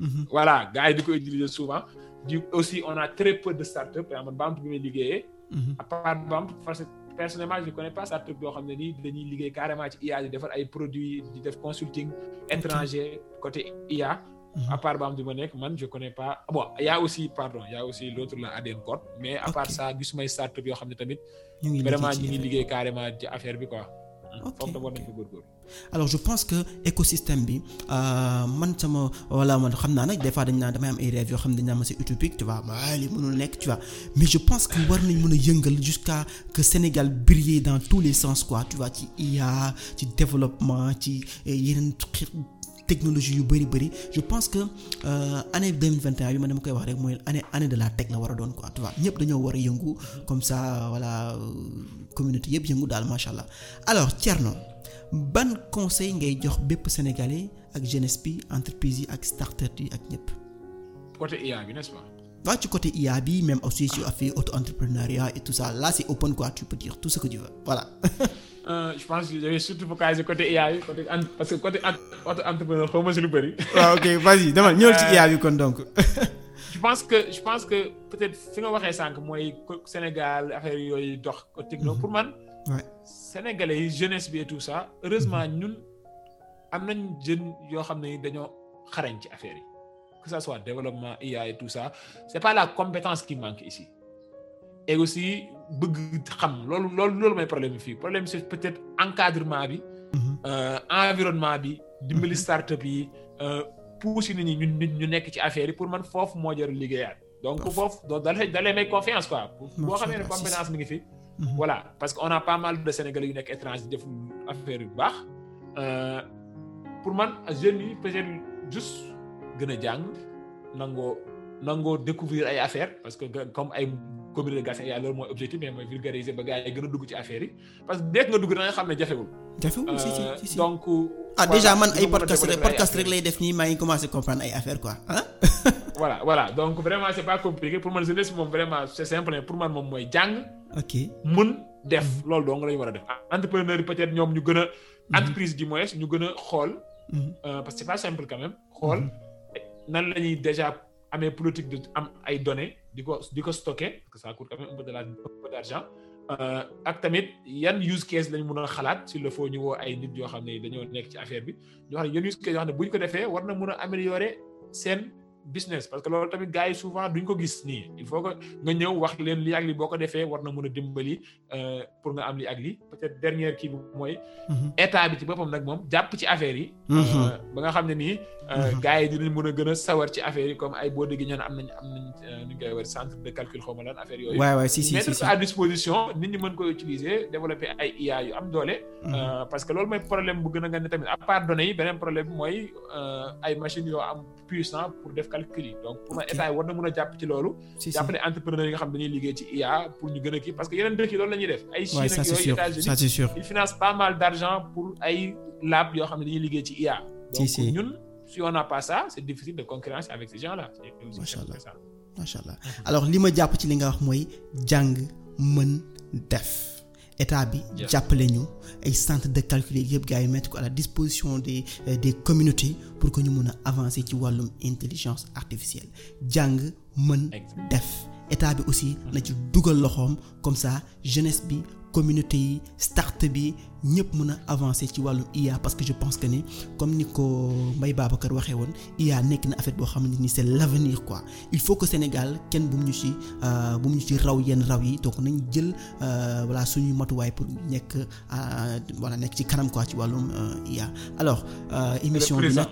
mm-hmm. di ko utiliser souvent. di aussi on a très peu de start-up par exemple BAMT bi may liggéeyee. Mm-hmm. à part BAMT parce que personnellement je ne pas start-up boo xam ne nii dañuy liggéey carrément ci IA di defar ay produits di def consulting étranger côté IA. à part Bam bi ma nekk man je connais pas bon y' a aussi pardon y' aussi l' la ADN Code mais à part ça gisumay startup yoo xam ne tamit. vraiment ñu ngi liggéey carrément ci bi quoi. ok foofu war nañ ko bi euh, man sama wala man xam naa nag des fois dañ naan damay am ay rêves yoo xam ne dañ naan ma c'est utopique tu nekk mais je pense que war nañ mën a yëngal jusqu'à que Sénégal brille dans tous les sens quoi tu ci IA ci développement ci euh, yeneen technologie yu bëri bëri je pense que euh, année 2021 bi ma dama koy wax rek mooy année année de la tech la war a doon quoi tu vois ñëpp dañoo war a yëngu comme ça euh, voilà euh, communauté yëpp yëngu daal macha allah alors Thierno ban conseil ngay jox bépp sénégalais ak jeunesse entreprise yi ak start yi ak ñëpp. côté IA bi nest pas ci côté IA bi même aussi sur affaire auto-entrepreneuriat et tout ça là c'est open quoi tu peux tout ce que tu veux voilà. Euh, je pense que j'avais surtout focalisé côté IA bi côté parce que côté auto-entrepreneur xaw ma si lu bëri. waaw ah, ok vas-y dama ñëwal ci IA bi kon donc. Euh, je pense que je pense que peut-être si nga waxee sànq mooy Sénégal affaire yooyu dox ko techno mhm. pour man. Ouais. Sénégalais yi jeunesse bi et tout ça heureusement mhm. ñun am nañ jeunes yoo xam ne dañoo xarañ ci affaire yi. que ce soit développement IA et tout c'est pas la compétence qui manque ici et aussi bëgg xam loolu loolu loolu mooy problème bi fii problème c'est peut-être encadrement bi mm-hmm. euh, environnement bi dimbali mm-hmm. start-up yi euh, poussi nit ñi ñu ñu nekk ci affaire yi pour man foofu moo jar liggéeyaat donc foofu da da lay may confiance quoi boo xamee ne compétence mi ngi fi mm-hmm. voilà parce que on a pas mal de Sénégalais yu nekk étranger def affaire yu baax euh, pour man jeunes yi gën a jàng nangoo nangoo découvrir ay affaire parce que comme ay communauté de garçons yaa loolu mooy objectif mais mooy vulgariser ba gars yi gën a dugg ci affaire yi parce que dès nga dugg da nga xam ne jafewul. jafewul si si euh, si si donc. ah déjà man ay podcast rek podcast rek lay def nii maa ngi commencé comprendre ay affaire quoi ah. *laughs* voilà voilà donc vraiment c'est pas compliqué pour man jeunesse moom vraiment c'est simple pour man moom mooy jàng. ok mën def loolu dong la ñu war a def entrepreneur yi peut-être ñoom ñu gën a. Mhm. entreprise du moins ñu gën a xool. Mhm. Euh, parce que c'est pas simple quand même mhm. xool. nan la ñuy déjà amee politique de am ay données di ko di ko stocké parce que ça coûte quand de la un euh, ak tamit yan use case lañ mun a xalaat s'il le faut ñu woo ay nit yoo xam ne dañoo nekk ci affaire bi ñoo xam ne yan ñu ko defee war na mën a améliorer seen business parce que loolu tamit gars yi souvent duñ ko gis nii il faut que nga ñëw wax leen li ak boo ko defee war na mun a dimbali euh, pour nga am li ak li peut-être dernière kii bi mooy mhm. état bi ci boppam nag moom jàpp ci affaire yi mhm. euh, Euh, mhm. gars yi dinañ mën a gën a sawar ci affaire yi comme ay boo déggee ñu ne am nañ am nañ euh, ñu koy war centre de calcul xaw ma lan affaire yooyu. waaw waaw à disposition nit ñi mën koy utiliser développer ay IA yu am doole. Mhm. Euh, parce que loolu mooy problème bu gën a gën tamit à part données yi beneen problème mooy ay machines yoo am puissant pour def calcul yi donc pour ma état war na mën a jàpp ci loolu. jàppale entrepreneurs yi nga xam dañuy liggéey ne dañuy liggéey ci IA. si on n'a pas ça c'est difficile macha allah macha allah alors li ma jàpp ci li nga wax mooy jàng mën def. état bi jàppale ñu ay centre de calcul yëpp gars yi mettre ko à la disposition des euh, des communautés pour que ñu mun a avancer ci wàllum intelligence artificielle jàng mën def état bi aussi na ci dugal loxoom comme ça jeunesse bi communauté yi start bi ñëpp mën a avancé ci wàllu IA parce que je pense que ni comme ni ko Mbaye Babacar waxee woon IA nekk na affaire boo xamante ni c'est l'avenir quoi il faut que Sénégal kenn bu mu ñu ci euh, bu mu ñu raw yenn raw yi donc nañu jël euh, voilà suñuy matuwaay pour nekk walla euh, nekk ci kanam quoi ci wàllum IA alors. émission bi nag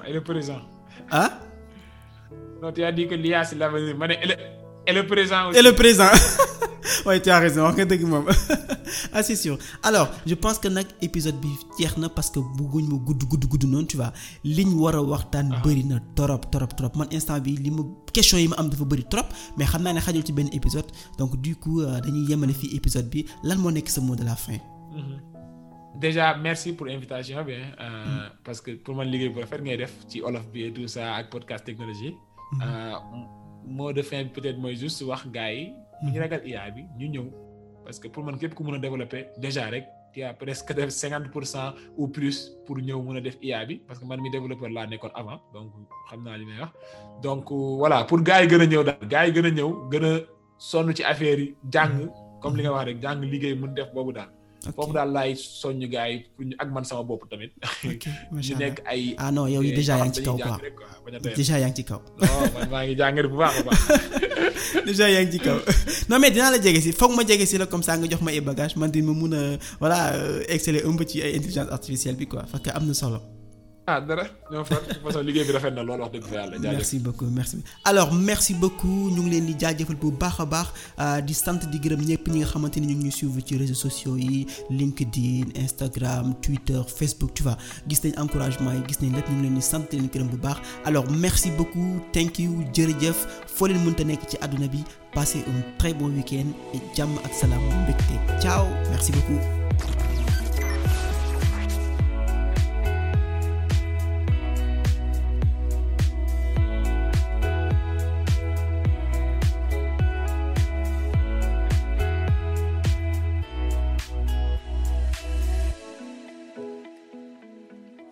ah. non tu as dit que l'IA c'est l'avenir ma ne et le présent et le présent waaye *laughs* tu as raison nga dëgg moom ah c'est alors je pense que nag épisode bi jeex na parce que bëgguñ mu gudd gudd gudd noonu tu vois liñ war a waxtaan. Ah. bëri na trop trop trop man instant bi li mu question yi ma am dafa bëri trop mais xam naa ne xajul ci benn épisode donc du coup euh, dañuy yemale fii épisode bi lan moo nekk sa mot de la fin. Mhm. déjà merci pour invitation bi euh, mm. parce que pour man liggéey bu ngay def ci olof bi et tout ça ak mot de fin bi peut-être mooy juste wax gars yi. bu mhm. ñu ragal bi ñu ñëw. parce que pour man képp ku mën a développer déjà rek y a presque def *laughs* cinquante pour cent ou plus pour ñëw mën a def IA bi parce que man mi développeur laa nekkoon avant donc xam naa li may wax. donc voilà pour gars yi gën a ñëw daal gars yi gën a ñëw gën a sonn ci affaire yi jàng mhm. comme li nga wax rek jàng liggéey mun def boobu daal. foofu daal laay soññ gars yi pour ak man sama bopp tamit. ok *laughs* macha allah ñu nekk ay. ah non yow yi déjà yaa ngi ci kaw quoi déjà yaa ngi ci kaw. non man bu baax a baax. *laughs* déjà yaa ngi kaw non mais dinaa la jege si foog ma jege si la comme ça nga jox ma ay bagages man di ma mun a voilà euh, exceller un peu ci ay intelligence artificielle bi quoi parce que am na solo. ah dara ñoo far façon liggéey bi rafet na lool wax dëgg fa yàlla jaajëf merci beaucoup merci alors merci beaucoup ñu ngi leen di jaajëfal bu baax a baax ah, di sant di gërëm ñëpp ñi nga xamante ni ñu ngi ñuy suivre ci réseaux sociaux yi LinkedIn Instagram Twitter Facebook tu vois gis nañ encouragement yi gis nañ lépp ñu ngi leen di sant leen gërëm bu baax alors merci beaucoup thank you jërëjëf foo leen mënta nekk ci àdduna bi passez un très bon week-end et jàmm ak salaam mbégte ciao merci